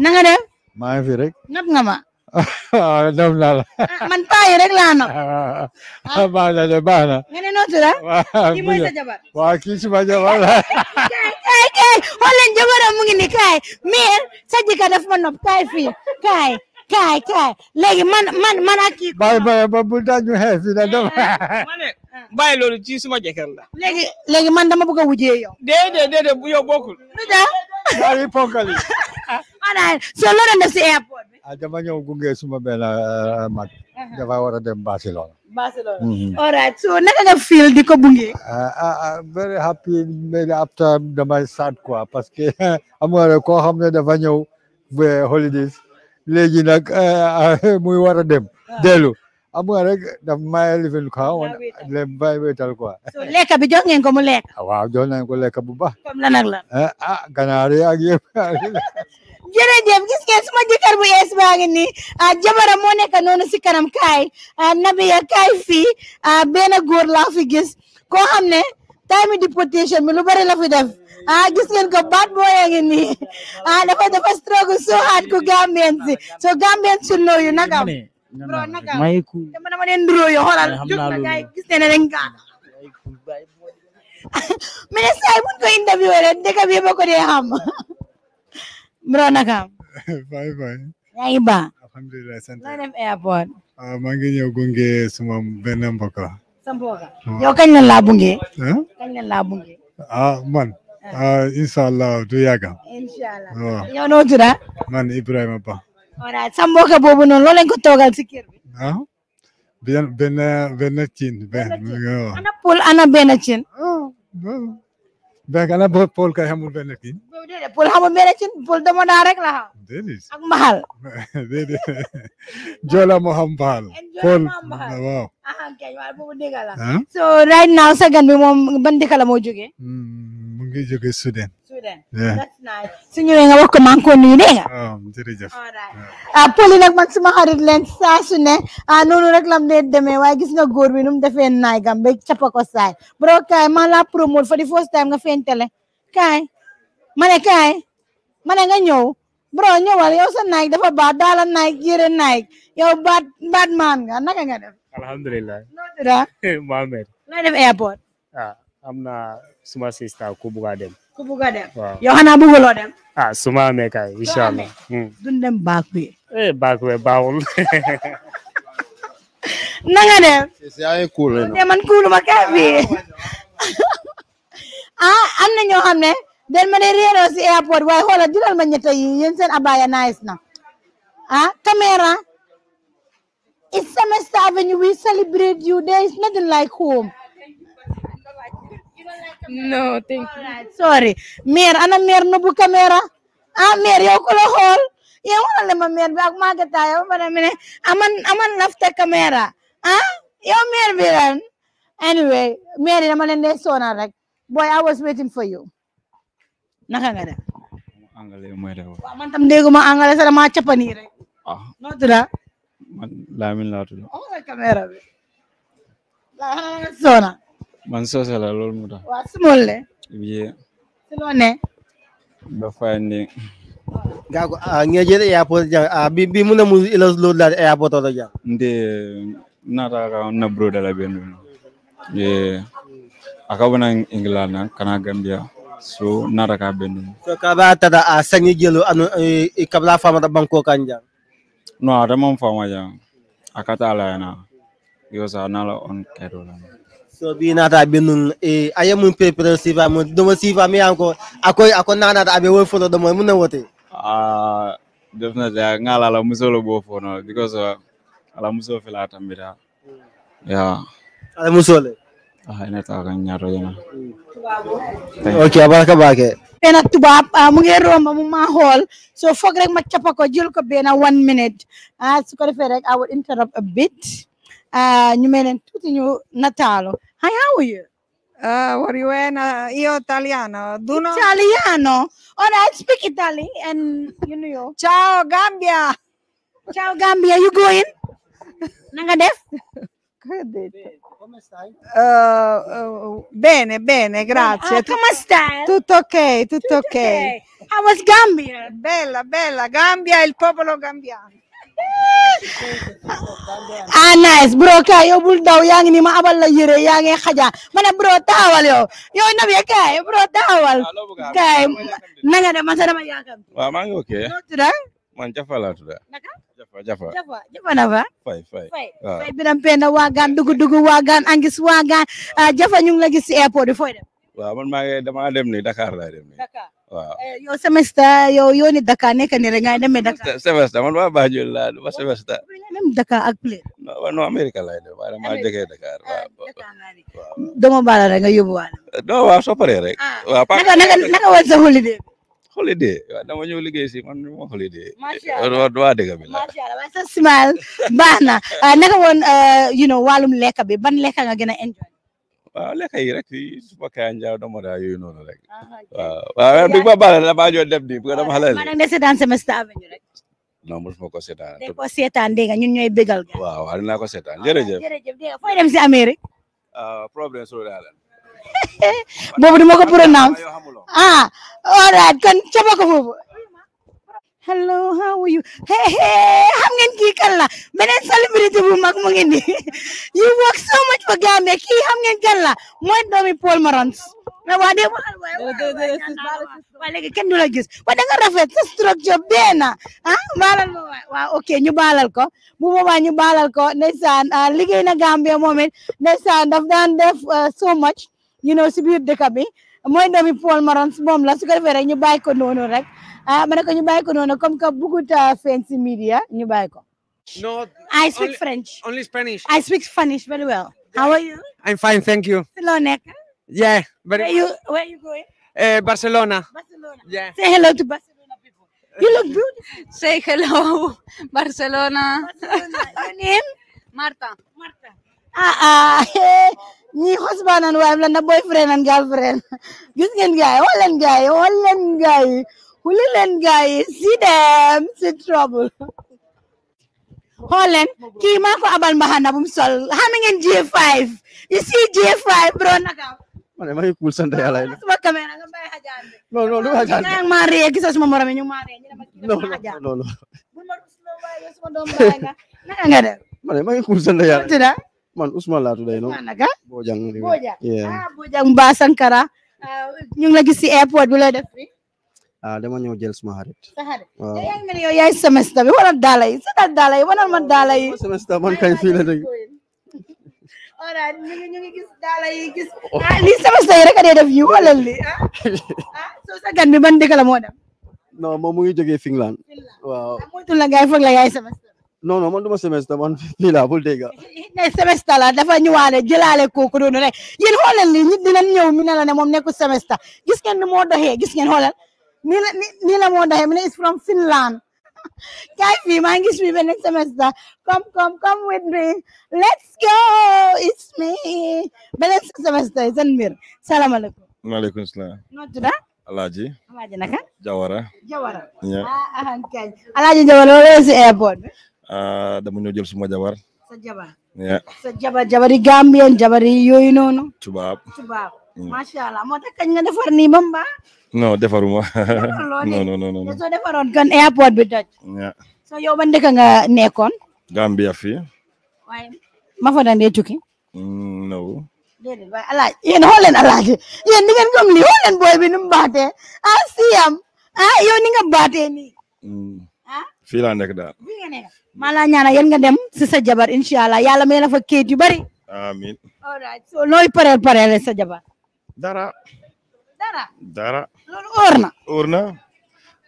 nga dem ma fi rek nap nga ma doom laa la. man paa yi rek laa noo. ah na de baax na. nga ne noo tura. kii mooy jabar. waaw kii suma jabar la. kaay kaay kaay xool kaay meer sa jëkkër daf ma nopp kaay fii kaay kaay kaay man man man ba bu daa ñu xeex fii doom. bàyyi loolu ci suma jëkkër la. léegi man dama bëgg a wujjee yow. déedéet déedéet bu yow Dari Pongali. Alright, so London Airport. ah dama ñëw gunge suma benn mag. dem Barcelona. Barcelona. alright so naka nga feel di ko ah, ah, ah very happy mais after damay sad quoi parce *laughs* amu ada nga koo xam holidays lagi nak, eh, ah, *laughs* muy dem dellu. amuñu rek daf may lifin quoi le bay wetal bi jox ko mu lekk. Ah, waaw jox nañ ko lekk bu baax. comme lan ak lan. Eh, ah ganaar *laughs* gis ngeen suma jëkkër bu yees baa ngi nii ah, a moo nekk noonu si kanam a nabiya kaay ah, fii benn góor laa fi gis ko xam ne time deportation bi lu bari la fi def ah gis ngeen ko baat boo yaa ngi nii dafa dafa struggle so hard ku Gambians so Gambians should know nagam bro naka may ku dama naman yung dro yo holal juk na gay gis interview ren de ka biyo ko bro naka bye bye yayi ba alhamdulillah sante na dem airport ah ma ngi gunge suma benn mboka sa mboka yow kañ la la bunge kañ la la ah man ah inshallah du yaga inshallah yow no tuda man Ibrahim apa? Alright, semoga boobu noonu lo lengko ko toogal si bena bi. waaw benn benn benn cin. ana Paul ana benn cin. Béykat ana pol kay hamul benn cin. Pol Paul xamul benn cin Paul demoon rek la xam. déedéet ak Mahal. déedéet Jola moo xam Mahal. Paul waaw. so right now gan bi moom ban dëkk la moo jógee. mu ngi jógee Sudan. student. Yeah. That's nice. su nga wax ko ko nuyu nga. Oh, jërëjëf. ah man suma xarit leen saa su ne ah rek lam dee waaye gis nga góor bi nu mu defee naay gam ba cappa ko saay bro kaay maa la promote for the time nga feeñ tele kaay ma ne nga ñëw bro ñëwal yow sa naay dafa baax daala naay yére naay yow baat baat maan nga naka nga def. alhamdulilah. noo tudd ah? *laughs* Mohamed. looy def ah, ku bugg dem. ku dem. waaw yow dem. ah su ma kay incha allah. Hmm. duñ dem Bakuy. eh Bakuy baaxul. *laughs* na dem. yaa *laughs* ah, den ma ne réeroo si airport waaye xoolal ma ñetta yi yéen seen abaya nice na ah caméra. it's semester avenue we celebrate you there is nothing like home. no thank you sorry meer ana meer no bu caméra ah meer yow ku la xool yow wala le ma meer bi ak magata yow ba ne aman aman lafte caméra ah yow meer bi lan anyway meer dama leen dee sonal rek boy I was waiting for you naka nga def angale mooy de waaw man tam dégguma angale sax dama capani rek ah noo tudd man Lamine laa tudd caméra bi la sona man soose la loolu mu tax small le yeah si loo ne ba finding gago a ah, ngeje airport jang a ah, bi bi mu ne mu ilos lo la airport to jang nde nata ka na bro da la ben ye aka wana england ah, kana gambia so nata ka ben so ka ba ta a sanyi jelo anu e kabla fama da banko kanja no ada mon fama jang aka ta la na yo sa na on kedola So bi nata abe nun, e, aye moun pe pre siva moun, domo siva mi anko, ako, ako nanata abe we fono domo, moun wote? Ah, definitely, nga la la muso lo bo fono, because uh, ala muso fila atambira. Mm. Yeah. Ala muso le? Ah, ina ta kan nyaro yana. Okay, abaraka bake. Pena tuba mu ngi romba mu ma hol, so fog rek ma chapa ko jël ko bena one minute. Ah, su ko defé rek I would interrupt a bit. Ah, ñu meleen tuuti ñu nataalo. Hi, how are you? Uh, what are you in? Uh, io italiano. Do Italiano. Ora I speak Italian and you know. Ciao Gambia. Ciao Gambia, you go in? Nangadev? Come stai? Uh, uh, bene, bene, ah, grazie. Ah, come stai? Tutto ok, tutto, tutto ok. okay. I was Gambia. Bella, bella. Gambia, il popolo gambiano. ah nice bro kaay yow bul daw yaa ni ma abal la yére yaa ngi xajaa ma ne bro taawal yow yow nabi kaay taawal kaay nanga de man sa dama yaakam waaw man jafa laa tudd jafa jafa fay fay fay ah. penda waagaan dugu dugu waagaan angis waagaan ah, jafa ñu ngi la gis si airport bi man maa dem ni Dakar laa dem ni waaw eh, yow semester yow yow ni Dakar nekk ni rek nga dem Dakar semester man waa Banjul laa ma semester dem Dakar ak plé non Amérique laay dem waaye maa jógee Dakar waaw dama baala rek nga yóbbu waale non si waa baax na ah, naka woon eh, you know wàllum lekk bi ban lekk nga gën a enjoy waaw lekk yi rek suba kaay njaaw dama daa yooyu noonu rek ah, waaw waaw bi ma baal joo dem nii bu ko dama xalal ma ne seetaan Semester Avenue rek non mosuma ko seetaan de ko seetaan dégg nga ñun ñooy bégal ga ko seetaan ah, jërëjëf jërëjëf dégg nga fooy dem si Amérique Providence Rhode Island boobu duma ah all kon caba ko Hello, how are you? Hey, hey, I'm going to kill kalla. Mene celebrity bu mag mo ngeen *laughs* You work so much for Gambia. Ki xam ngeen kalla. Moy doomi Paul Morons. Na wa de wa legi ken dula You Wa da nga rafet sa structure bena. Ah, balal mo wa okay, ñu balal ko. Bu boba ñu balal ko. Ndeysaan ah, liggéey na Gambia moment. Ndeysaan daf daan def ah, so much. You know, si biir dëkk bi la su ah, ko ñu ko rek ah ko ñu ko comme que ah, media ñu ko. no I speak French. only Spanish. I speak Spanish very well. how are you. I'm fine thank you. Hello, nekk. yeah. where you where you going. Eh, Barcelona. Barcelona. yeah. say hello to Barcelona people. you look beautiful. say hello *laughs* Barcelona. Barcelona your name. Marta. Marta. ah ah. *laughs* ni husband and wife lan boyfriend and girlfriend gis ngeen gaay wol leen gay wol leen gay huli leen gaay see them see trouble Holland, leen kii abal mbaxana bu sol xam ngeen J5 you see J5 bro naka mana ya, yang ngi ya, ya, cool sant yàlla yi sama caméra nga mbay xajaan non non du xajaan nga ma ree gis sama morom ñu ma lo, ñu dama ci non non non bu ma rus lo way sama dom baay nga naka nga def man ma cool sant man Usman la tuday no bojang nag Bojang iya. ah Bojang Mbaa ñu ngi la gis si airport bi lay def fi ah dama ñew jël suma xarit sa xarit yaa ngi mel yow yaay semestre bi wala dalay sa dal dalay wala ma dalay semestre man kañ fi la dëgg ora ñu ngi ñu ngi gis dalay gis ah li semestre yi rek ade def yi wala li ah so sa gan bi man dëkk mo dem non mo mu ngi jógee Finland waaw tu la ngay fakk la yaay semestre non non man du ma semester man fii *laughs* laa bul dégg *laughs* semester la dafa ñëwaale jëlaale kooku doonu rek yéen xoolal li nit dinañ ñëw mi ne la ne moom nekku semester gis ngeen ni moo doxee gis ngeen xoolal moo doxee mi ne is from Finland *laughs* kay fii maa ngi suivre benn semester come come come with me let's go it's me beneen semester seen mbir salaamaaleykum maaleykum salaam noo tudda Alaaji Alaaji naka Jawara Jawara ah ah kañ Alaaji Jawara wala si airport bi ada eh, da semua jawar sejauh ya jabar. jawa di gambian jawa di jabari hmm. no jabari coba noonu. masya allah mau tax kañ nga farni mamba no mu baax. no no no no kan eh, airport ya. so yo ban kan nga nekon Gambia fi ma fadan dia cuki hmm, no. déedéet ini Holland yéen ini kan ah fii laa nekk daal. maa laa ñaanal yéen dem si jabar incha allah yàlla may la fa kayit yu bari. amiin. all right so nooy jabar. dara. dara dara. loolu na. óor na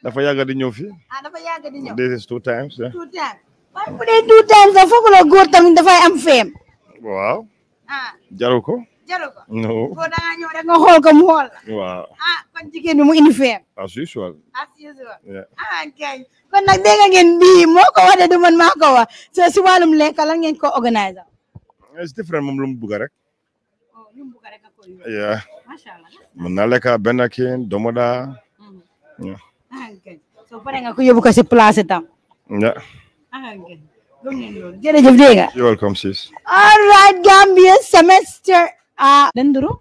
dafa yàgg di ñëw fii. ah dafa two times. two times waaye bu am feem. waaw. ah jaru ko no ko da nga ñëw rek nga xool ko mu xool waaw ah kon jigéen bi mu as usual as usual ah kay kon nag dégg ngeen bii moo ko wax de du man maa ko wax so si wàllum lekk lan ngeen ko organise it's different belum buka rek lu mu bugg rek oh, ko yeah masha Allah mën benakin, lekk domoda ah kay so pare nga ko yóbbu ko si place tam yeah ah kay Jërëjëf dégg nga. You're welcome sis. Alright, right Gambia semester Ah, dan dulu.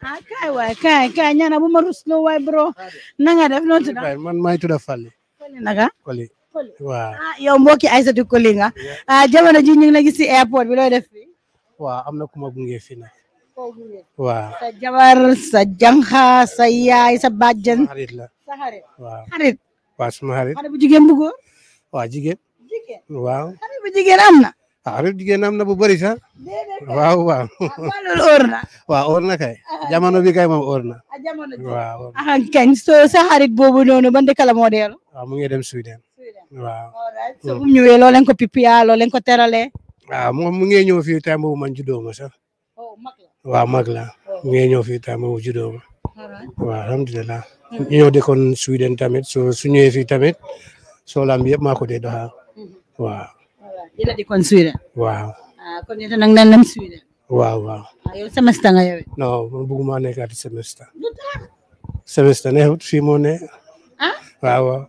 Kaiwa, kai, kai, nyana bu marus lo bro. Nanga def no tuda. Man mai tuda fali. Koli naga. Koli. Koli. Wa. Ah, ah yow ya, mboki Aissatou Koli nga. Ya. Ah, jamono ji ñu ngi la gis ci airport bi loy def fi. Wa, amna kuma wow fi nak. Wa. Sa jabar, sa janxa, sa yaay, sa bajjan. Harit la. Sa harit. Wa. Harit. Wa, suma harit. Harit bu jigen bu goor. Wa, jigen. Jigen. Wa. Harit bu jigen amna. ah rëbb jigéen am na bu bëri sax waaw waaw waaw óor na kay jamono bi kay moom óor na kañ soo sa xarit boobu noonu ban dëkk la moo mu ngi dem Sweden waaw so bu ñëwee loo leen ko pipiyaa mu nge ñëw fii time man juddoo ma sax waaw mag mu ngi ñëw fii time boobu juddoo ma waaw alhamdulilah ñu ñëw dëkkoon Sweden tamit soo su ñëwee fii tamit soo lam bi yëpp maa ko dee yéen a waaw. Ah, kon yéen nag nan lam Sweden. waaw waaw. Ah, yow semestre nga yow. non man bëgguma nekkaati semestre. semestre neexut fii moo ne. Ah? waaw waaw.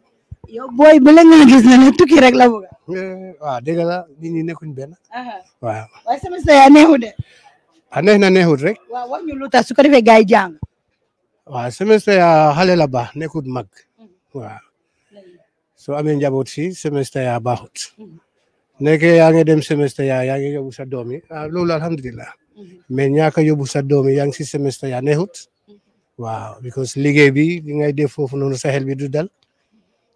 yow booy bu la nga gis ne tukki rek la bëgg. Eh, waaw dëgg la nit ñi nekkuñ benn. waaw. waaye semestre yaa de. ah neex na neexut rek. waaw wax ñu lu tax su ko defee gars waaw semestre yaa xale la baax nekkut mag. Mm-hmm. waaw soo amee njaboot fii semestre yaa baaxut. Mm-hmm. nekkee yaa ngi dem semestre yaa yaa ngi yóbbu sa doom yi ah loolu alhamdulilah mm-hmm. mais ñaaka yóbbu sa doom yi yaa ngi si semestre yaa neexut mm-hmm. waaw because liggéey bi li ngay def foofu noonu sa xel bi du dal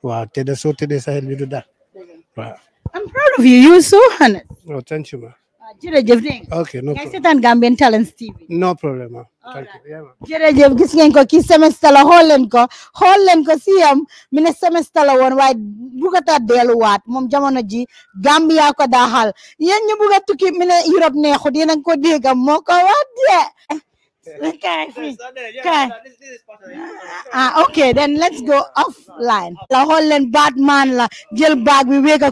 waaw te da soo tëddee sa xel bi du dal waaw. I'm proud of you. You're so honest. Oh, ma. Ah, jërëjëf dégg nga. ok no problem seetaan Gambian no problem ah. jërëjëf gis ngeen ko kii semestre la xool ko xool leen ko si yam mi ne semestre la woon waaye bugata delluwaat moom jamono ji Gambia ko daaxal yéen ñu buga tukki mi ne Europe neexut yéen ko dégg moo ko wax de. Okay.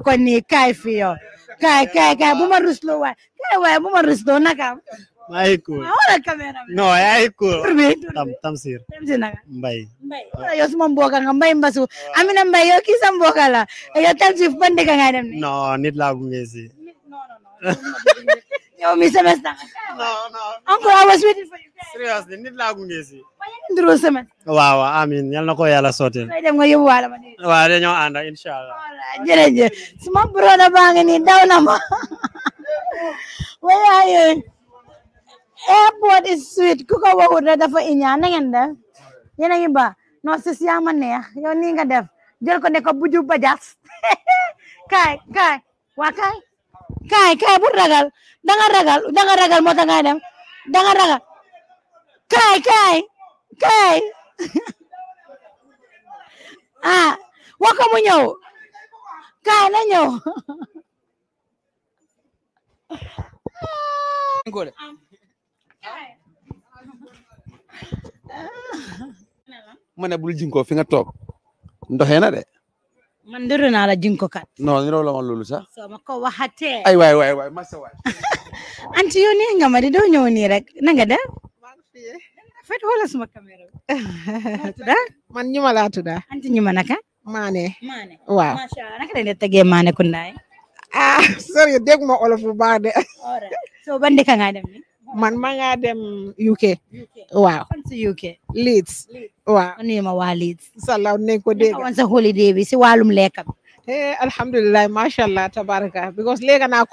okay. काय काय काय बुमा रुसलो वाय काय वाय बुमा रुसलो नका ऐकू Ahora cámara. No, ऐकू Tam- तमसीर बाई Yo soy un boca, un bain basu. A mí no me yo quise un boca la. Yo tan si fue de ganar. No, nit laa gunge si. yow mi No no. nga. non non encore I was waiting for you. seriously nit laa gunge si. waaye ngeen duroo semence. waaw waaw amiin yal na ko yàlla sotti. waaye dem nga yóbbu waala ma dégg. waaw dañoo allah. jërëjëf semua broda baa ngi nii daw na ma. *laughs* waaye airport is sweet Kukau ko waxut dafa iñaan na ngeen def yéen a ngi ba non sis yaa ma neex yow nii nga def jël ko ne ko buju bajas *laughs* kaay kay kai bu ragal nga ragal nga ragal mo da nga dem nga ragal kay kai kai *laughs* ah wa ko mu ñew kai na ñew *laughs* ma ne bul jinko fi nga tok ndoxé na de man dëru naa la jinko kat. non niroo la woon loolu sax. soo ma ko waxatee. ay waay waay waay masa *laughs* anti yow nee nga ma di doo ñëw nii rek na nga def. fet wala suma caméra. *laughs* man ñu ma laa anti ñu ma naka. maane. maane waaw. macha allah naka la ñuy tegee maane kundaay. ah sori dégg ma bu baax de. so ban dëkk nga man ma nga dem UK waaw UK Leeds waaw nuyu ma waa Leeds salaw ko dégg woon sa bi si wàllum lekk bi eh alhamdulilah macha allah tabaraka because léegi naa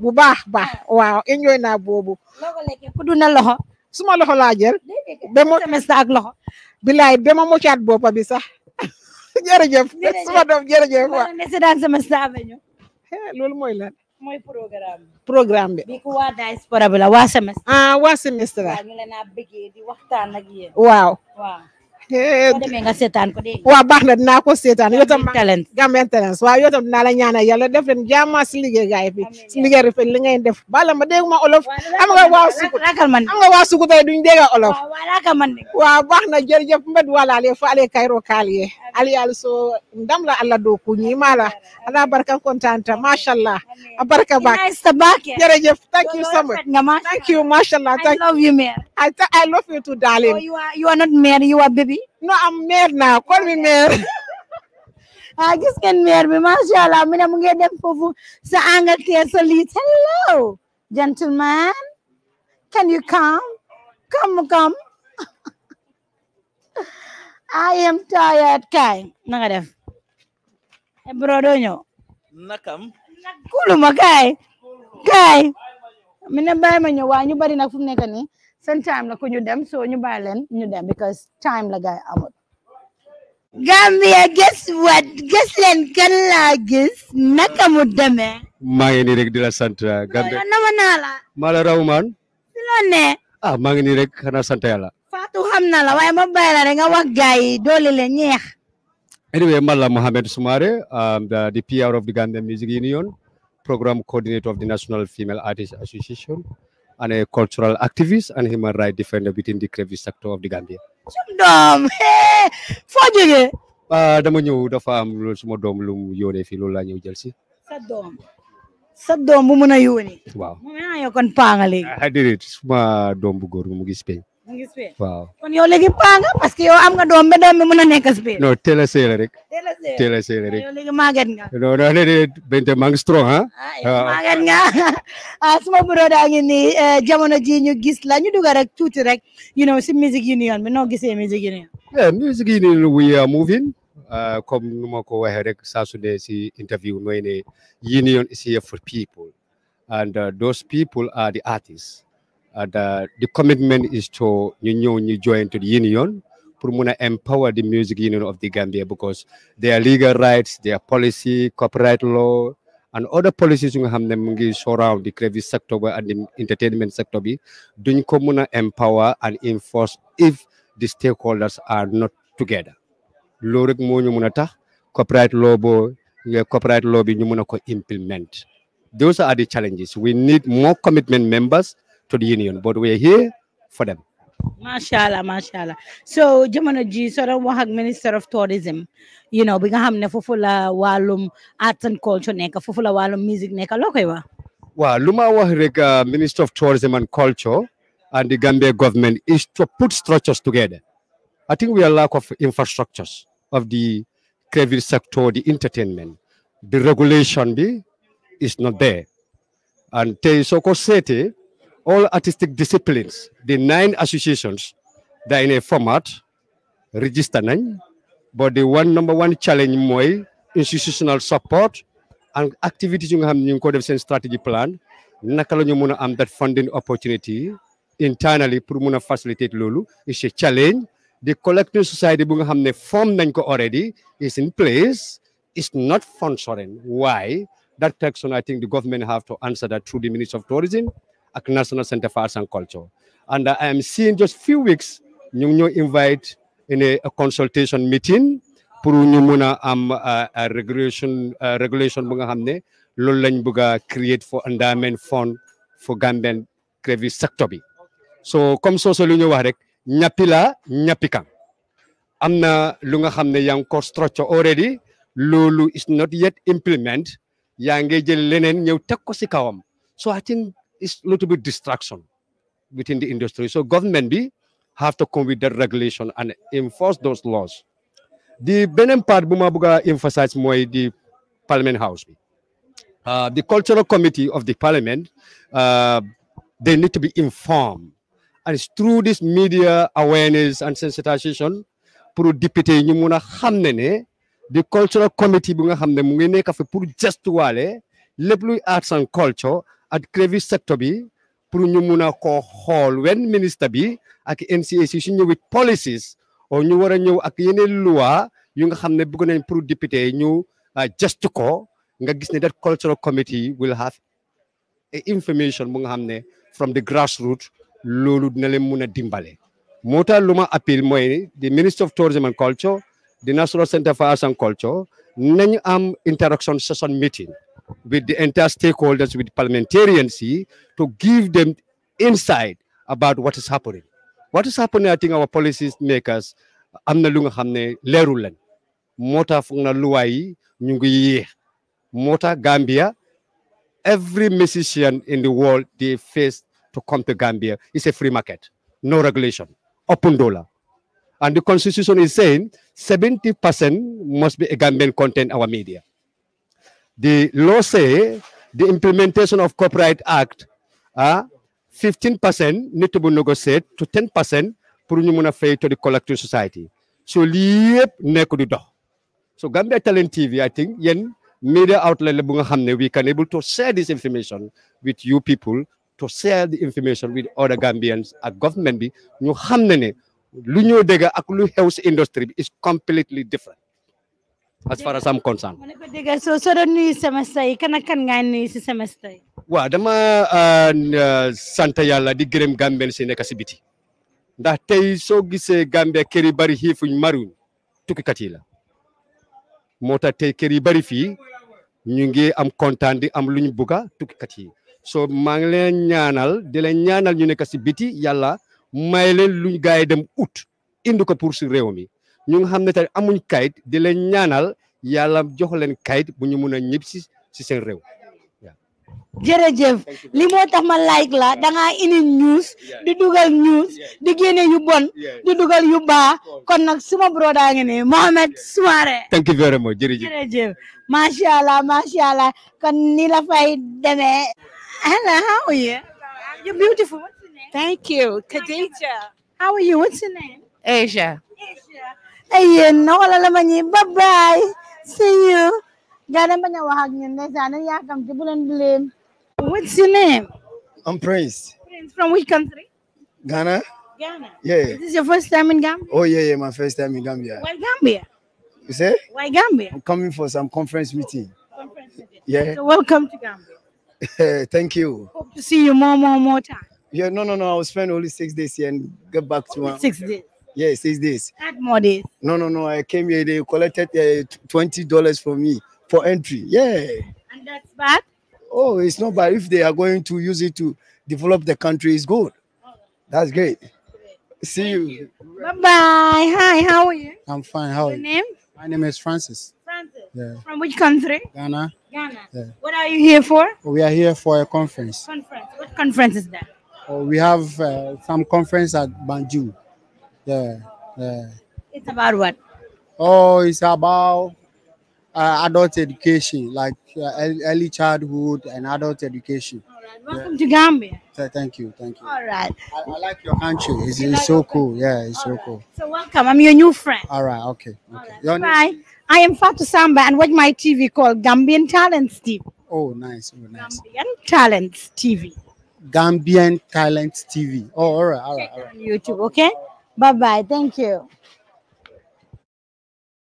bu baax baax ah. waaw enjoy naa boobu logo duna loxo suma loxo laa jël ba mo semestre ak loxo bilaay ba bi sax suma *laughs* doom jërëjëf waaw loolu mooy lan mooy programme bi programme bi. bi ko waa diaspora bi la waa semestre. ah waa semestre la. waaw ñu leen a bëggee di waxtaan ak yéen. waaw waaw. nga seetaan na ko seetaan yow tam Gambian Talents waaw yow tam dinaa la ñaanal yàlla def leen jàmm si liggéey gaay bi si liggéey rafet li ngay def bala ma dégg ma olof am nga waa suku am nga waa suku tey duñ dégg olof waaw baax na jërëjëf mbed walaale fa ale kayro kaaliye ali al so ndam la alla do ku ñi mala ala barka ma masha Allah barka ba ya. jërëjëf thank you so much thank you masha Allah I love you man I, I love you too darling oh, you are you are not married you are baby bi no am meer naa kol mi meer *laughs* ah gis meer bi macha allah mi ne mu ngi dem foofu sa Angleterre sa liit hello gentleman can you come come come *laughs* I am tired kay na def eh, bro doo ñëw nakam kuluma kay kay mi ne bàyyi ma ñëw waa bari nag fu mu nekk nii seen time ku ñu dem so ñu bàyyi leen ñu dem because time la gaay amul Gambia guess what guess leen kan laa gis naka mu demee maa ngi nii rek di la sant ah, Gambia nama naa la maa raw maan si loo ne ah maa ngi nii rek xanaa sant yàlla Fatou xam na la waaye ma bàyyi la rek nga wax gaay yi doole la ñeex anyway man la Mohamed Soumaré um, the of the Gambia Music Union program coordinator of the National Female Artists Association and a cultural activist and human rights defender within the crevice sector of the Gambia. suñu doom foo jógee. Ah, dama ñëw dafa am loolu suma doom lu mu yónnee fii loolu laa ñëw jël si. sa doom sa doom bu mën a yónnee. waaw mu ngi kon paa nga ah, suma doom bu góor mu ngi Spain. waaw kon yow léegi parce que yow am nga doom ba doom bi mën a nekk suwe non teel a seela rek teel a rek ah, yow léegi màgget nga non non bente maa strong ah, ah, ah. *laughs* suma buroo daa ngi nii eh, jamono ji ñu gis la ñu duga rek tuuti rek you know si music union bi noo gisee music union yeah music union we are moving comme nu ma ko waxee rek saa su si interview mooy ne union is here for people and those people are the artists the, uh, the commitment is to you know you join to the union pour mun empower the music union of the Gambia because their legal rights their policy copyright law and other policies you have xam ne show around surround the creative sector and the entertainment sector bi do ko empower and enforce if the stakeholders are not together loolu rek moo ñu mun tax copyright law boo copyright law bi ñu mun ko implement those are the challenges we need more commitment members to the union, but we're here for them. Mashallah, mashallah. So jamono ji soron wax ak minister of tourism, you know, we can have fofu la walum arts and culture neka fufula walum music neka lokewa. Well, luma minister of tourism and culture and the Gambia government is to put structures together. I think we are lack of infrastructures of the creative sector, the entertainment. The regulation be is not there. And te soko City, all artistic disciplines the nine associations they're in a format register nañ but the one number one challenge mooy institutional support and activities yu nga xam code strategy plan naka la ñu am that funding opportunity internally pour mun a facilitate loolu is a challenge the collective society bunga nga ne form nañ already is in place it's not sponsoring why that question I think the government have to answer that through the Minister of Tourism ak National Center for Arts and Culture. And I am seeing just few weeks, ñu ñu invite in a, a consultation meeting pour ñu mun a am uh, regulation uh, regulation bu nga xam ne loolu lañ bëgg create for endowment fund for Gambian crevice sector bi. so comme sooso lu ñu wax rek ñappi la ñappi kan am lu nga xam ne ko structure already loolu is not yet implement yaa ngi jël leneen ñëw teg ko si kawam so I think it's a little bit distraction within the industry. So government be have to come with that regulation and enforce those laws. The Benin part Bumabuga emphasized more the Parliament House. Uh, the cultural committee of the Parliament, uh, they need to be informed. And it's through this media awareness and sensitization, pour député ñu mun ne the cultural committee bi nga xam ne mu ngi nekk fa pour gestuwaale lépp luy arts and culture ak crevice sector bi pour ñu mun a koo xool wen ministre bi ak NCAC su ñëwee policies o ñu war a ñëw ak yeneen loi yu nga xam ne bëgg nañ pour député ñu ah, gestu ko nga gis ne that cultural committee will have information bu nga xam ne from the grassroots loolu dina leen mun a dimbale. moo tax lu ma appel mooy di ministre of tourism and culture the national center for arts and culture nañu am interaction session meeting. with the entire stakeholders, with parliamentarians, to give them insight about what is happening. What is happening, I think our policies makers, am na lu nga xam ne Luai, lañ moo Gambia every musician in the world they face to come to Gambia It's a free market no regulation open dollar and the constitution is saying 70 percent must be a Gambian content our media the law say the implementation of Copyright Act ah 15% to be negotiate to 10% pour ñu fay to the collective society so lii yëpp nekk di dox so Gambia Talent TV I think yen media outlet la bu nga we can able to share this information with you people to share the information with other Gambians ak government bi ñu xam ne ne lu dégg ak lu industry is completely different as far as I'm concerned. So, Wa dama santa yalla di gërem gambel ci nek biti. ndax tay so gisé gambe bari yu fuñ maru tukki kat yi la Mota tay kéri bari fi ñu ngi am kontaan di am luñu ñu tukki kat yi so ma ngi leen ñaanal di leen ñaanal ñu nek ci biti yalla may leen luñu gaay dem ut indi ko pour si réew mi ñu nga xam ne amuñ kayit di leen ñaanal yalla jox leen kayit bu ñu mëna ñepp ci ci seen réew jërëjëf li mo tax ma like la nga ini news di duggal news di gene yu bon di duggal yu ba kon nak suma da nga ne mohammed soare thank you very much jërëjëf ma sha allah sha allah kon ni la fay deme hello how are you you're beautiful what's your name thank you Khadija how are you what's your name Asia Asia Ayun, nawala naman niya. Bye-bye. See you. Ganun ba niya wahag niya? Sana yakam, gibulan bilim. What's your name? I'm Prince. Prince, from which country? Ghana. Ghana? Yeah. Is this your first time in Gambia? Oh, yeah, yeah, my first time in Gambia. Why Gambia? You say? Why Gambia? I'm coming for some conference meeting. Conference meeting. Yeah. So welcome to Gambia. *laughs* Thank you. Hope to see you more, more, more time. Yeah, no, no, no. I'll spend only six days here and get back to only Six days. Yes, six this. Add more days. No, no, no. I came here. They collected uh, twenty dollars for me for entry. Yeah. And that's bad. Oh, it's not bad. If they are going to use it to develop the country, it's good. That's great. great. See Thank you. you. Bye bye. Hi, how are you? I'm fine. How Your name? My name is Francis. Francis. Yeah. From which country? Ghana. Ghana. Yeah. What are you here for? We are here for a conference. Conference. What conference is that? Oh, we have uh, some conference at Banjul. Yeah, yeah. It's about what? Oh, it's about uh, adult education, like uh, early childhood and adult education. All right. Welcome yeah. to Gambia. thank you, thank you. All right. I, I like your country. It's, you it's like so cool. Yeah, it's All so right. cool. So welcome. I'm your new friend. All right. Okay. okay. All right. Bye. I am Fatu Samba and watch my TV called Gambian Talents TV. Oh, nice. Oh, nice. Gambian Talents TV. Gambian Talents TV. Oh, all right, all right, all right. YouTube, okay? bye bye thank you.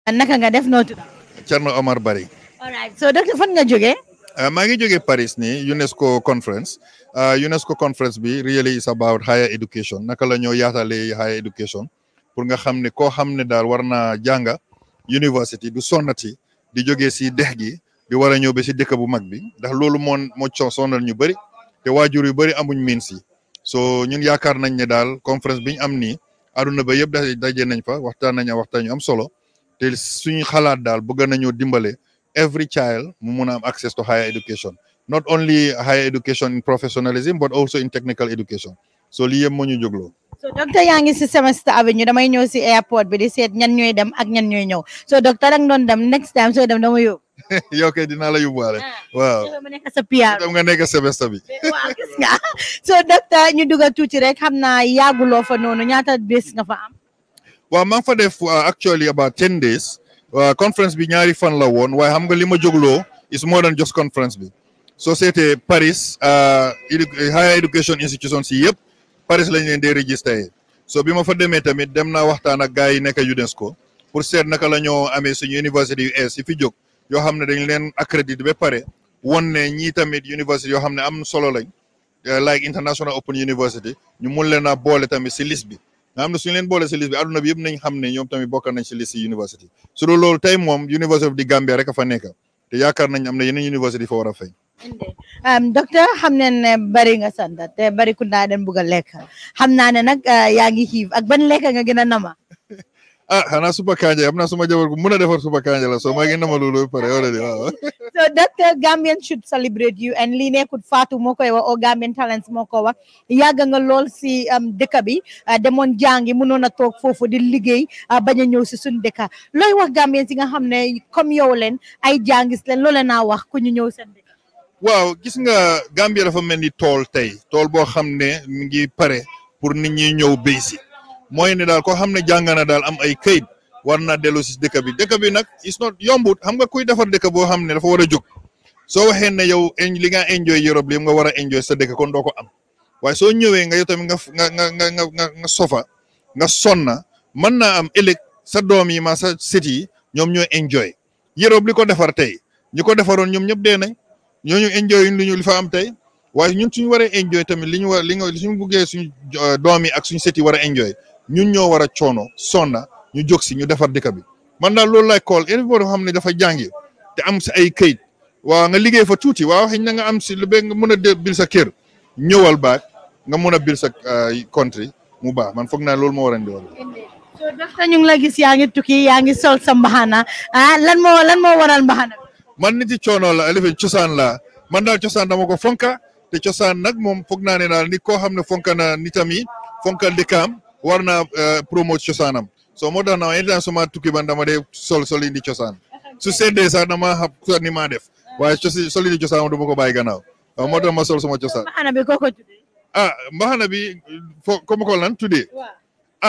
naka nga def noo tudd. Thierno Omar Barry. all right so docteur fan nga jógee. Uh, maa ngi jógee Paris nii UNESCO conference uh, UNESCO conference bi really is about higher education naka la ñoo yaatalee higher education pour nga xam ne koo xam ne daal war naa jànga university du sonnati di jógee si dex gi di war a ñëw si dëkk bu mag bi ndax loolu moo moo coo ñu bëri te waajur yu bëri amuñ miin si so ñun yaakaar nañ ne daal conference biñ am nii. aduna ba yëpp daje nañ fa waxtaan nañ waxtaan i am solo te suñu xalaat daal bëgg nañoo dimbale every child mu mun am access to higher education not only higher education in professionalism but also in technical education so lii yëpp moo ñu jógloo so docteur yaa ngi si Semester Avenue damay ñëw airport bi di seet ñan ñooy dem ak ñan ñooy ñëw so docteur ak doon dem next time soo dem dama yóbbu *laughs* yow dinaa la yóbbuwaale ah, waaw dem nga nekk semestre bi waaw gis nga *laughs* so docteur ñu dugal tuuti rek xam naa yàgguloo fa noonu ñaata bés nga fa am waaw maa ngi fa def uh, actually about ten days uh, conference bi ñaari fan la woon waaye xam nga li ma jógloo is more than jos conference bi soo seetee Paris uh, higher education institution si yëpp Paris lañ leen dee registré so bi ma fa demee tamit dem naa waxtaan ak gars yi nekk UNESCO pour seet naka la ñoo amee suñu université yu es yi fi jóg yoo xam ne leen accrédité ba pare won ne tamit université yoo xam am solo lañ eh, like international open university ñu mun leen a tamit si liste bi nga xam ne leen boole si liste bi bi yëpp nañ xam ne tamit bokk si liste university su dul loolu tey University of the rek a fa nekk te yaakaar nañ am na yeneen university fa war a fay um, xam ne ne bari nga te bari ku naa den xam naa ne nag eh, yaa ak ban lekk nga nama ah xanaa suba kanja am na suma jabar gu mën a defar suba kanja la so maa ngi nama loolu pare already ah. waaw *laughs* so that uh, Gambian should celebrate you and lii nekkut faatu moo koy wa o Gambian talents moo ko wax yàgg nga lool si um, dëkk bi ah, demoon jàngi mënoon a toog foofu di liggéey ah, bañ a ñëw si suñu dëkk looy wax Gambian si nga xam ne comme yow leen ay jàngis leen loolee naa wax ku ñu ñëw seen waaw gis nga Gambia dafa mel ni tool tey tool boo xam ne mi ngi pare pour nit ñi ñëw béy si mooy ne daal koo xam ne jàng daal am ay kayit war naa dellu si dëkk bi dëkk bi nag is not yombut xam nga kuy defar dëkk boo xam ne dafa war a jóg soo waxee ne yow li nga enjoy Europe li nga war a enjoy sa dëkk ko am waaye soo ñëwee nga yow tamit nga nga nga nga nga sofa nga sonna mën naa am ëllëg sa doom yi ma sa sët yi ñoom ñoo enjoy Europe li ko defar tey ñi ko defaroon ñoom ñëpp dee nañ ñooñu enjoy lu ñu li fa am tey waaye ñun suñu waree enjoy tamit li ñu war li nga suñu buggee suñu euh, doom yi ak suñ sët yi war a enjoy ñun ñoo war a coono sonna ñu jóg si ñu defar dëkk bi man daal loolu laay kool élève boo xam ne dafa jàngi te am si ay kayit waaw nga liggéey fa tuuti waaw xëy na nga am si lu bëgg nga mën a bil sa kër ñëwal baag nga mën a bil sa country mu baax man foog naa loolu moo war a indi woon la gis yaa ngi tukki ngi sol sa mbaxana ah, lan moo lan moo waral mbaxana man nit yi coono la élève cosaan la man daal cosaan dama ko fonka te cosaan nag moom foog naa ne daal ni koo xam ne fonka na nitam yi fonka dëkkaam war naa euh, promote cosaanam so moo tax na anytime suma tukki ban dama dee sol sol indi cosaan su seddee sax dama xam cosaan sol indi cosaan duma ko bàyyi gannaaw waaw moo tax ma sol suma cosaan ah bi fo comme tuddee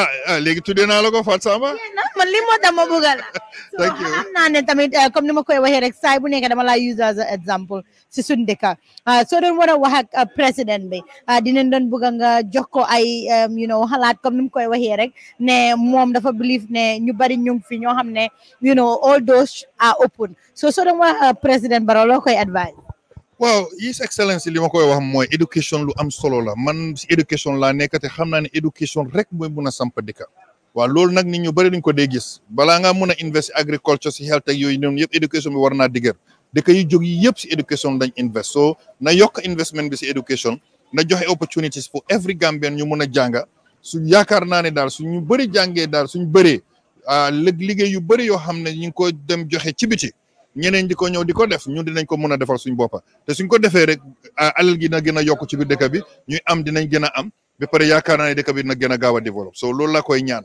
ah ah léegi tuddee naa la ko Fat Samba man li *laughs* thank you xam ne tamit euh, comme ni ma koy waxee rek bu nekk dama laa use as an example si sunde ka ah, soo doon war a wax ak uh, president bi ah, dinen don bëgg nga jox ko ay um, you know halat comme ni koy waxe rek ne mom dafa believe ne ñu bari ñu fi ño xamne you know all doors are open so soo doon wax uh, president Barrow loo koy advise waaw His Excellency li ma koy wax moy education lu am solo la man ci education la nekati xamna ni education rek moy muna samp dëkka wa loolu nak nit ñu bari duñ ko dee gis bala nga muna invest agriculture ci health ak yoy ñun yëpp education bi warna digër dëkk yu jóg education dan éducation lañ na yok investment bi education, education na joxe opportunities for every Gambian ñu mëna a jànga su yaakar naa dal jange suñu bëri jàngee daal suñu bëri euh liggéey yu bëri yo xamné ñu ko dem joxe ci biti ñeneen diko ko diko di def ñu dinañ ko mëna defal suñu bopa té suñ ko défé rek alal gi na gëna yok ci bi dëkk bi ñuy am dinañ gëna am bi pare yaakar naa dëkk bi na gëna gawa develop so loolu la koy ñaan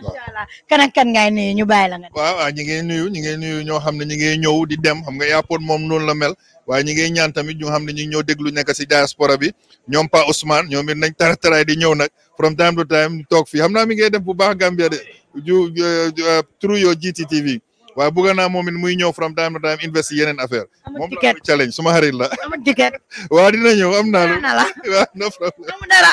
macha allah kan ak kan ngay nuyu ñu bàyyi la nga. waaw ñi ngay nuyu ñi ngay nuyu ñoo xam ne ñi ngay ñëw di dem xam nga yaapoon moom noonu la mel waaye ñi ngay ñaan tamit ñu xam ne ñu ngi ñëw déglu nekk si diaspora bi ñoom Pa Ousmane ñoom it nañ tara taraay di ñëw nag from time to time toog fii xam naa mi ngay def bu baax Gambia de ju through euh, your GTTV waaye bëgg naa moom it muy ñëw from time to time investi yeneen affaire moom la challenge suma xarit la amul ticket *laughs* waaw dina ñëw am naa la *laughs* waaw no problem amul dara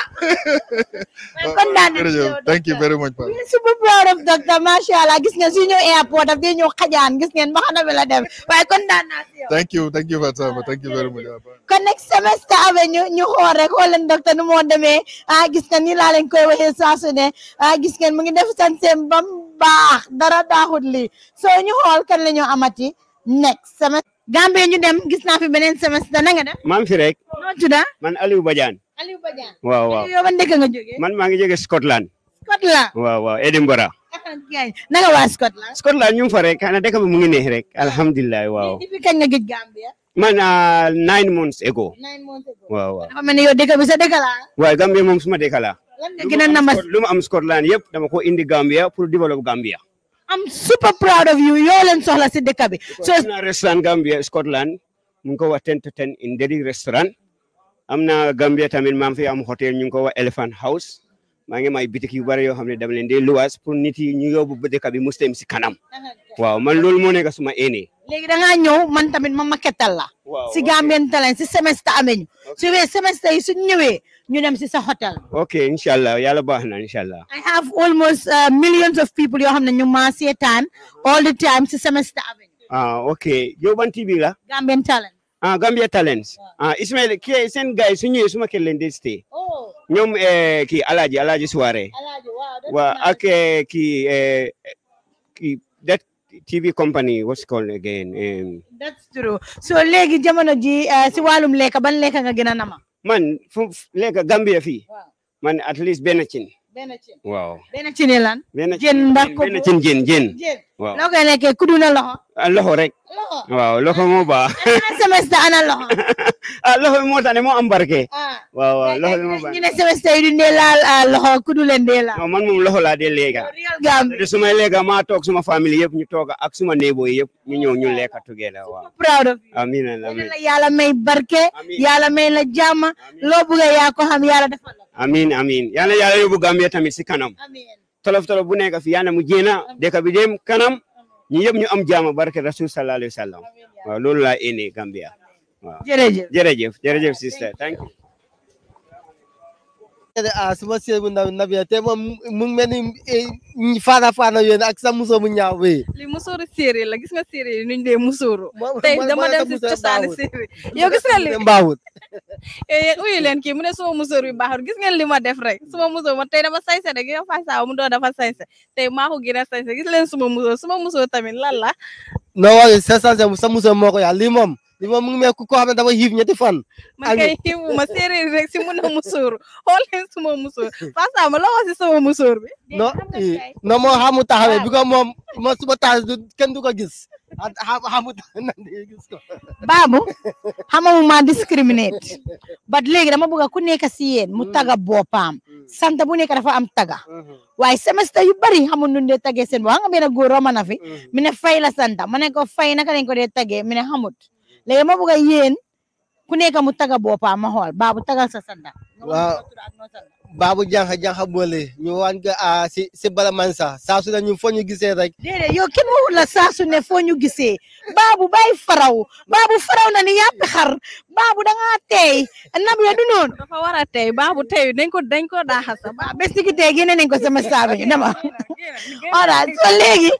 *laughs* thank you very much super proud of doctor masha Allah gis ngeen suñu airport daf dee ñëw xajaan gis ngeen mbaxana bi la dem waaye kontaan naa si yow thank you thank you Fatama thank you very much kon next semester avenue ñu xool rek xool leen docteur nu moo demee ah gis ngeen ni laa leen koy waxee saa su ne ah gis ngeen mu ngi def santeem bam baax dara daaxut so so ñu xol kan lañu amati next semestre gambe ñu dem gis na fi benen semestre na nga def maa fi rek man Aliou Badiane Aliou Badiane waaw waaw yow ban deka nga joge man ma nga joge Scotland Scotland waaw waaw Edinburgh nga wa Scotland Scotland ñu fa rek ana deka mu ngi neex rek alhamdullilah waaw depuis kan nga gëj Gambia man ah, nine months ago nine months ago Wow wow. Wow. mana Wow. yow Wow. bi Wow. Wow Wow. waaw Gambia moom Wow. dëkk Wow Kan Luma am Scotland yëpp dama ko indi Gambia pour develop Gambia. I'm super proud of you yoo leen soxla si kabi. bi. so restaurant Gambia Scotland mu ngi ko wax ten to ten in Derry restaurant am Gambia tamit maa fi am hotel ñu ngi ko Elephant House. maa ngi may bitik yu bari yoo xam ne dama leen di luwaas pour nit yi ñu bi muslim si kanam waaw man loolu moo nekk suma eni léegi da ngaa ñëw man tamit ma maketal la si Gambian Talents si semestre amee ñu su wee semestre yi ñu dem si sa hotel. ok inshallah. yàlla baax inshallah. I have almost uh, millions of people You have ne ñu ma seetaan all the time si Semester Avenue. ah ok You want TV la. Gambian Talents. ah Gambia Talents. ah Ismail kii seen guys. yi su ñëwee su ma kër leen di stay. Oh. ñoom alaji eh, Alaaji Alaaji Suwaare. Alaaji waaw ak eh, kii eh, ki that TV company what's called again. that's true so legi jamono ji si wàllum lekk ban lekk ngagina nama. man fu lekk Gambia fii man at least benn cin waaw benn cin lan jën mbar ko benn cin jën jën waaw Ah, loxo rek. waaw loxo moo baax. *laughs* semestre ana loxo. *laughs* ah loxo bi moo tax ne moo am barke. Ah. waaw waaw loxo bi moo baax ñu ne semestre yi du ne laal ah, ma léega maa toog suma famille yëpp ñu toog ak suma néebo yëpp ñu ñëw ñu lekk tugee la waaw. proud of you. amiin amiin si kanam. tolof tolof bu fi yàlla mu jéena kanam. ñu yëpp ñu am jaama barke rasul sallallahu alayhi wa sallam waaw loolu laa indi Gambia waaw jërëjëf jërëjëf jërëjëf sister thank you ah su ma seet bu ndaw ndaw te moom mu ngi mel ni eh, faana faana yéen ak sa musóor bu ñaaw bi. li musóoru séeréer la gis nga séeréer yi nuñ dee musóoru. tey dama dem si cosaani séeréer yow gis nga li *laughs* mbaawut. *laughs* Eh, eh, uyu leen kii mu ne suma musóor bi baaxul gis ngeen li ma def rek suma musóor ma tey dama sayse de gi nga fay saa mu doon dafa sayse tey maa ko gën a sayse gis leen suma musóor suma musóor tamit lan la. non waaye sa sayse sa musóor moo ko yaa lii moom. li moom mu ngi ko xam ne dafa xiif ñetti fan. ma kay ma séeréer rek si mun a musóor xool leen suma musóor Fatou ma loo wax si sama musóor bi. non non moo xamu taxawee bi ko moom ma suma taxawee du kenn du ko gis xamu *laughs* nan day gis ko. Babou xamamu ma discriminate but léegi dama bëgg ku nekk si yéen mu mm. taga boppam mm. sant bu nekk dafa am taga mm-hmm. waaye semestre yu bari xamul nu dee tagee seen boo xam nga benn góor romana fi mi mm-hmm. fay la santa ma ne ko fay naka lañ ko dee tagee mi ne léegi ma bëgg a yéen ku nekk mu taga boppam ma xool baabu tagal sa sanda. waaw baabu janxa janxa boole ñu waan a ah, si si bala man sa su ne ñu foo ñu gisee rek. déedéet yow kenn waxul la ne foo ñu gisee baabu bàyyi faraw baabu faraw na ni yàpp xar baabu tey nam ya du noonu. dafa war a tey baabu tey dañ ko dañ ko daaxa sa baabu bés ki tey génne nañ ko sama saabu ñu dama. *laughs* voilà so léegi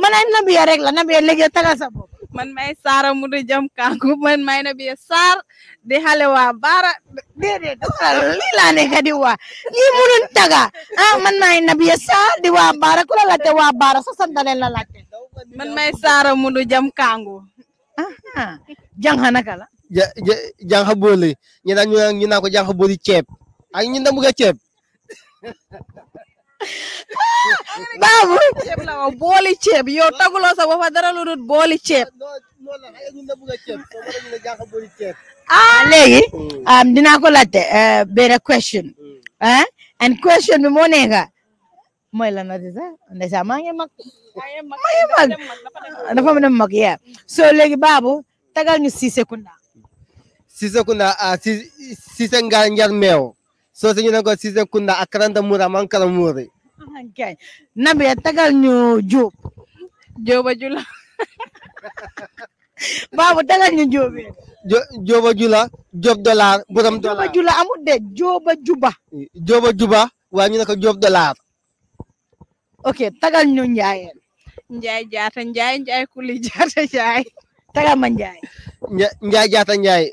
mën na rek la nam ya léegi sa bopp. man may Sara Mudu Jam Kanku man may na bi Sar di xale waa Baara déedéet lii laa nekk di waa lii munun taga ah, man may na bi Sar di waa Baara ku la laajte waa Baara sa sant la laajte man may Sara Mudu Jam Kanku ah jànxa naka la ja ja jànxa boole ñu naan ko jànxa booli ceeb ak ñu ndamuga ceeb *laughs* Babu, booli ceeb yow taguloo sa bopp dara lu dul booli ceeb. ah léegi. dinaa ko laajte benn question. and question bi moo nekk mooy lan la sax ndeysaan maa ngi mag. maa ngi mag dafa ma dem mag ya. so léegi Babu tagal ñu six Kunda. Six Kunda ah Ceesay Nganjar meew. so señina ko sise kunda akaranta mura mankala muri okay nabe tagal ñu job joba jula *laughs* babu tagal ñu jobe joba jula job dollar buram dollar joba jula amu de joba juba joba juba wa ñu nako job dollar okay tagal ñu ñaayel njaay jaata njaay njaay kuli jaata njaay tagal ma njaay njaay jaata njaay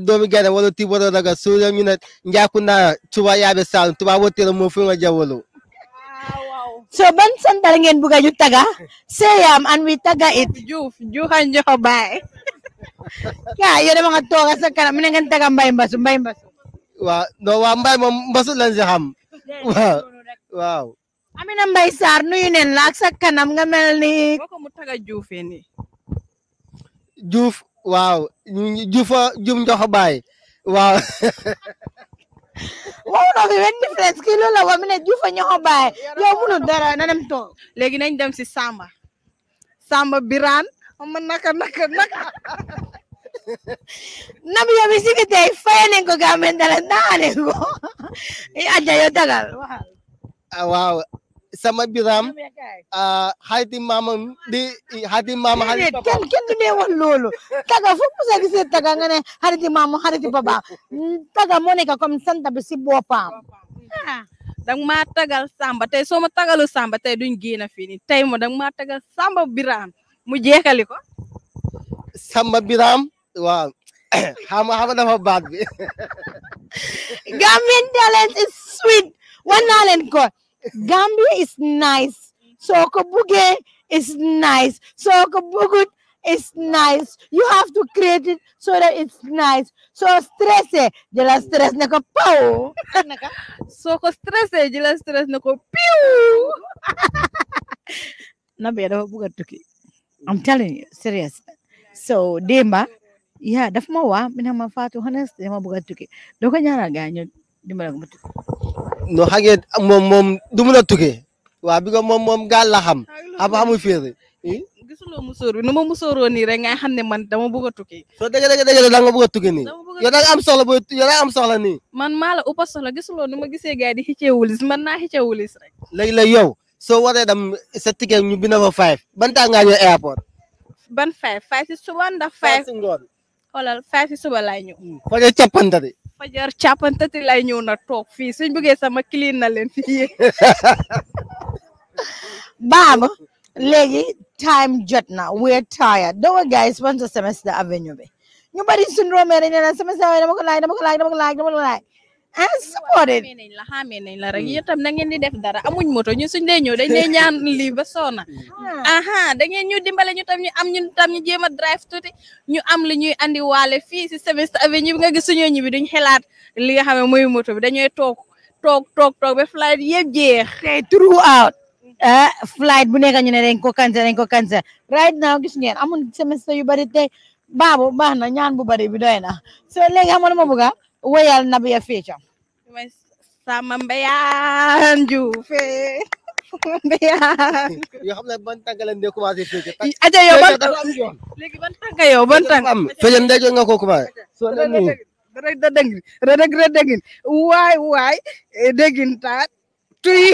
domigada wala tiboro daga sura mina njakuna tuba yabe sal tuba wotira mo funga jawolo ah, so ban sandal ngeen buga ju taga seyam an wi taga it juuf juuxan joxo baay *laughs* ya, ka yene ma nga toga sa menengen ne ngeen taga mbay mbasu mbay mbasu wa no wa mbay mom mbasu lan ci xam waaw waaw sar nuyu neen la kanam juuf Wow, jufa jum jox baay wow *laughs* wow no bi difference différence la wa mine jufa ñoxo habai. yo munu dara na dem to legi nañ dem si Samba Samba Biran ma naka naka naka *laughs* nabi yo bisi ke tay fayene ko gamen men dara naane ko *laughs* aja yow dagal Wow sama biram ya, ah, hati mama di hati mama hari papa kenn kenn du ne wax loolu taga sa gisee taga nga ne xaritu maam xaritu papa taga monika nekk comme sant bi si boppam ah. dang ma tagal samba tay so ma tagalu samba tay duñ gina fini tay mo dang ma tagal samba biram mu jeexali ko samba biram waaw *clears throat* hama hama dafa baat bi Gambian talent is sweet wanalen ko Gambia is nice. Sokobuge is nice. Sokobugut is nice. You have to create it so that it's nice. So stress eh, jela stress na ko pow. Soko stress eh, jela stress na ko pew. Na bero bugat tuki. I'm telling you, serious. So Demba, yeah, daf mawa minha mafatu honest, dema bugat tuki. Doka nyara ganyo dimbale ko mu tukki. no xage moom moom du mun a tukkee waaw bi ko moom moom gaal la xam xam xamu féere gisuloo musóor bi nu ma musóoroo nii rek nga xam ne man dama bëgg a tukki soo dëgg dëgg dëgg da nga bëgg a tukki nii yow da nga am soxla booy yow da am soxla nii man maa la uppa soxla gisuloo nu ma gisee gars yi di xicee wulis man naa xicee wulis rek léegi la yow soo waree dem sa ticket ñu bind fa five ban temps ngaa airport ban five five si suba ndax five si ngoon xoolal five si suba laay ñëw foo dee cappante de fajar càppantati lay ñëw na toog fii suñ bëggee sama clean na leen fii *laughs* baaba léegi time jot na we're tired dowa guys sponsor semester avenue bi ñu bari suñ roomee dañ ne semester dama ko laaj dama ko laaj dama ko laaj dama ko laaj ah supporté xamee nañ la xamee nañ la rek hmm. yéen tam na ngeen di def dara amuñ moto ñun suñ dee ñëw dañ dee ñaan *laughs* lii ba soona ah. aha da ngeen ñu dimbale ñu tam ñu am ñu tam ñu jéem a drive tuuti ñu am li ñuy andi waale fii si Semester Avenue bi nga gis suñoo ñibbi duñ xelaat li nga xam ne mooy moto bi dañuy toog toog toog toog ba flight yëpp jeex throughout ah flight bu nekk ñu ne dañ ko cancel dañ ko cancel right now gis ngeen amul semester yu bari tey baabu baax na ñaan bu bari bi doy na so léegi xam nga ma bëgg a wéyal na bi ya mooy sama mbéyaan Diouf sama mbéyaan. yoo xam ne ban tànk lañ dee commencé féete. aja yow ban léegi ban tànk yow ban tànk. féete ndeyjoor nga ko commencé. soo leen nii rek da dégg rek da dégg waay waay déggin taat tuy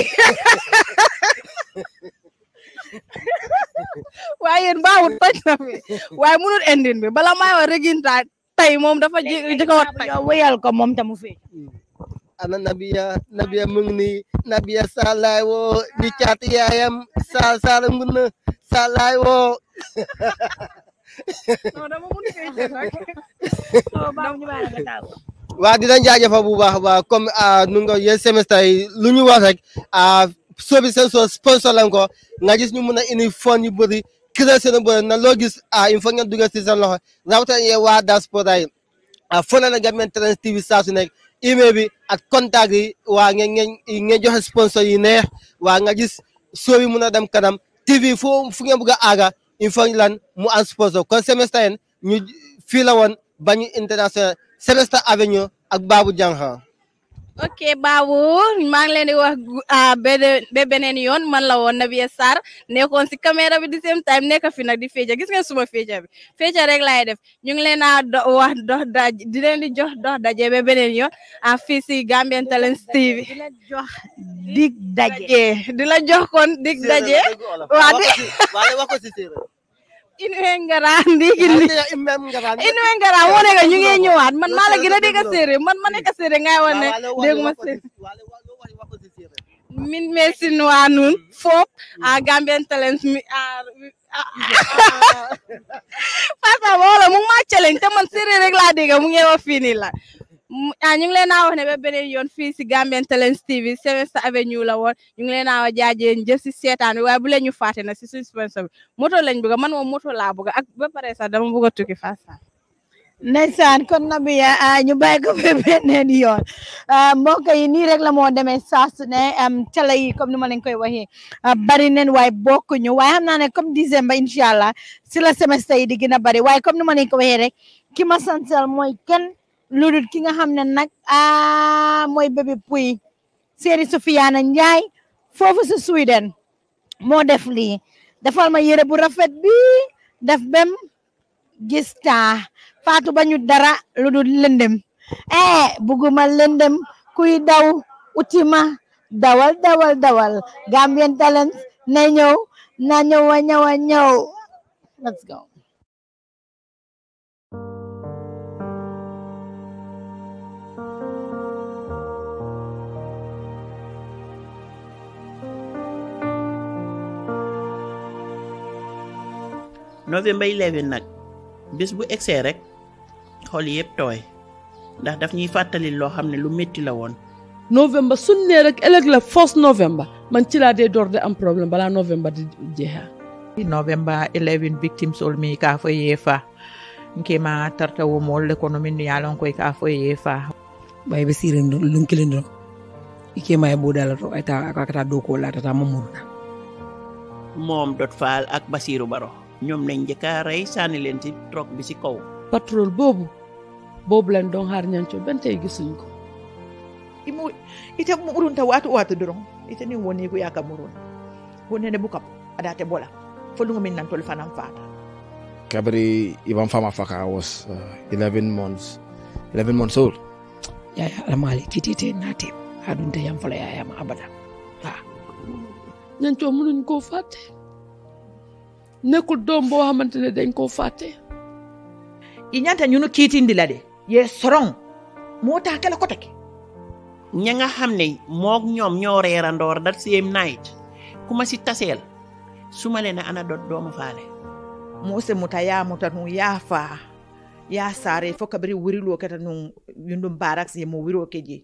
waaye yéen baawut toj na fi waaye munul endin bi bala maa wax rek tay moom dafa ji di ko wéyal ko moom tamu fi ana nabiya nabiya mu ngi nii nabiya salaay woo di caati yaayam sal sala *laughs* ngun bu baax baax comme ah, nu nga yéen semestre yi lu ñu wax rek a ah, sobi seen sponsor lan ko nga gis ñu mun a indi fond yu bëri créé na loo gis a ah, il faut loxo rawatina yee waa diaspora yi a fo na na TV saa su nekk email bi ak contact yi waa nga nga joxe sponsor yi neex waa nga gis soo bi mun a dem kanam TV foo fu ngeen bëgg a aaga il faut lan mu am sponsor kon semester en ñu fii la woon bañu international semester avenue ak Babou Jangha ok Babou maa ngi leen di wax ah, ba beneen yoon man la woon Nabiya Sarr nekkoon si caméra bi di same time nekk fi nag di feeca gis ngeen suma feeca bi feeca rek laay def ñu ngi leen a do wax dox daj di leen di jox dox daje ba beneen yoon a ah, fii si Gambian Talents TV di la jox dig daje di la jox kon dig daje waa Inwe Ngara ndigi li Inwe Ngara moo nekk ñu ngi ñëwaat man maa la gën a dégg séeréer man ma nekk séeréer ngay wax ne dégg ma min me sinwa nun mm. fop a mm. Gambian Talents mi Fatou Ba *laughs* *laughs* wala mu ma challenge te man séeréer rek laa dégg mu ngi wax fii nii la Ah, ñu ngi leen naa wax beneen yoon fii si Gambian Talents TV Semester Avenue la woon ñu ngi leen naa wax si seetaan bi waaye bu leen ñu fàtte na si suñu sponsor bi moto lañ bëgg man moom moto laa bëgg ak ba pare sax dama bëgg a tukki faa sax kon na bi ah, ah, ñu bàyyi ko ba beneen yoon mbokk yi nii rek la moo demee saa su ne télé yi comme ni ma leen koy waxee bari neen waaye bokkuñu waaye xam naa ne comme décembre incha allah si la semestre yi di bari waaye comme ni ma leen ko waxee rek ki ma santal mooy kenn lu ki nga xamne nak ah moy bébé puy séeri Soufiane Ndiaye fofu Sweden mo def li defal ma yére bu rafet bi def bem gista fatu bañu dara lu lendem eh buguma lendem kuy daw utima dawal dawal dawal Gambian talent na ñew na ñew wa ñew let's go November 11 nag bés bu egsee rek xol yëpp tooy ndax daf ñuy fàttali loo xam ne lu métti la woon. November su ne rek ëllëg la first November man ci laa dee door de am problème balaa November di jeexal. November 11 victims olmi ka fo yeefa nkema tarta wo mool l'économie nu yaalon koy ka fo yeefa. bay be siren don lunkilen don ikema e bodala to ay ta akata do ko la tata mamuru moom dot faal ak Basiru Baro ñoom lañ njëkk a rey sànni leen ci troc bi ci kaw patrol boobu boobu lañ doon xaar ñanco ben tey gisuñ ko imu ite murunta watu watu doron ite ni woni ko yaka murun wonene bukap adate bola folungo min nan tol fanan fata kabri iban fama faka was uh, months eleven months old ya ya alamali kitite nate adunte yam fala ya yam abada ha ah. ñanco munun ko fatte nekkul doom boo xamante ne dañ koo fàtte i ñanta ñu ñunu kiitindi la de ye sorong moo taa kela kote ke ña nga xam ne moog ñoom ñoo reerandoor dat same nayit ku ma si taseel su ma leen ana dot doomu faale moo se muta yaa muta nu yaa faa yaa saare fo kabiri wiriloo keta nu yundum baarax ye mo wiroo ke je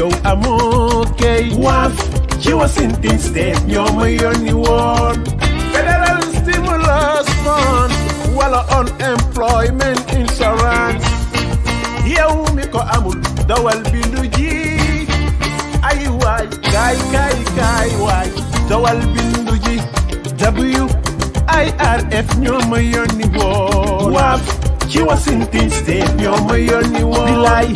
I'm yow amoo kay waaf ci Washington You're my only one. federal stimulus fund wala unemployment insurance yow mi ko amul dawal bindu ji ay waay kaay kaay kaay waay dawal bindu ji WIRF ñoo ma yónni woon waaf ci wasinti ñoo ma yónni woon di laay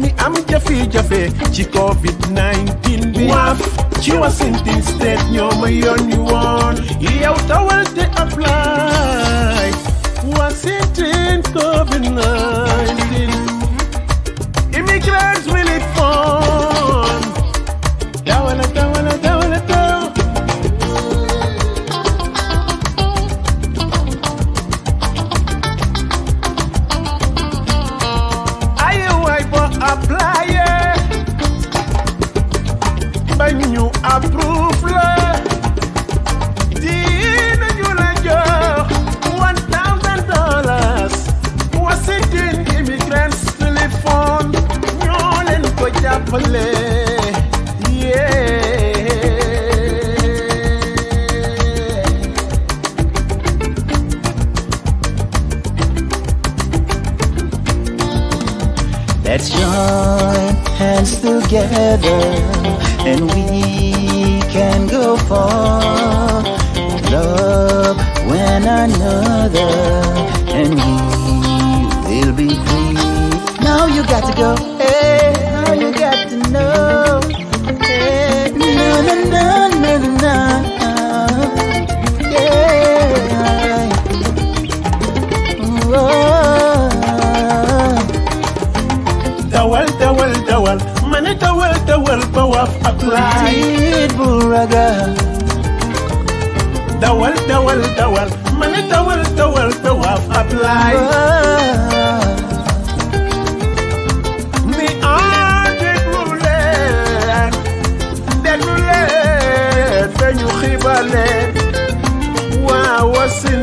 me, i am jafe-jafe ci covid 19 bi waaf ci wasinti state ñoo ma yónni woon yow tawal te apply in covid 19 immigrants relief fund dawala dawala approuve la dina ñu la one thousand dollars téléphone yeah Let's join hands together and we can go far. Love when another, and we will be free. Now you got to go. حاجة دول دول دول من دول دول دول أبلاي Wow, what's in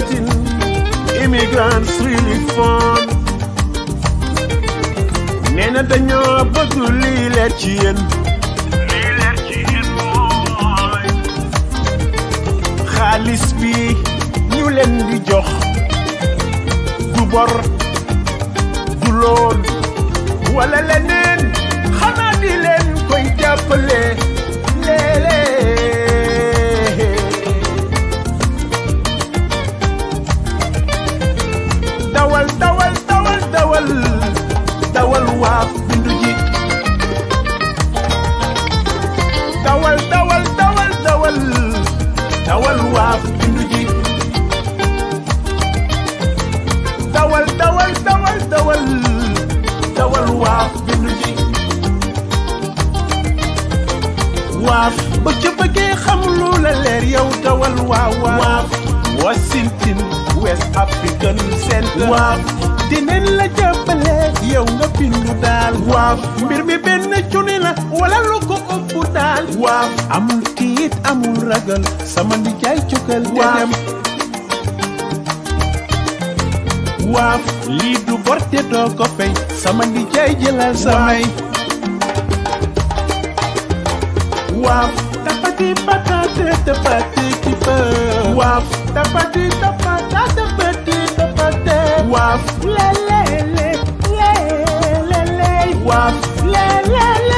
immigrants really fun? nee na dañoo bëgg lii leer ci yéen khalis bi ñu leen di jox du bor du loon wala leneen xana di leen koy jàppale léeg dawal dawal dawal dawal dawal wa bindu ji dawal dawal dawal waaf bindu ji dawal dawal dawal waaf waaf la West African Center waaf la waaf mbir mi benn cuni wala ëpp daal waaw amul tiit amul ragal sama nijaay cokal te dem waaw lii du borte doo ko fay sama nijaay jëlal samay waaw tapati patate tapati kipa waaw tapati tapata tapati tapate waaw lelele lelele waaw lelele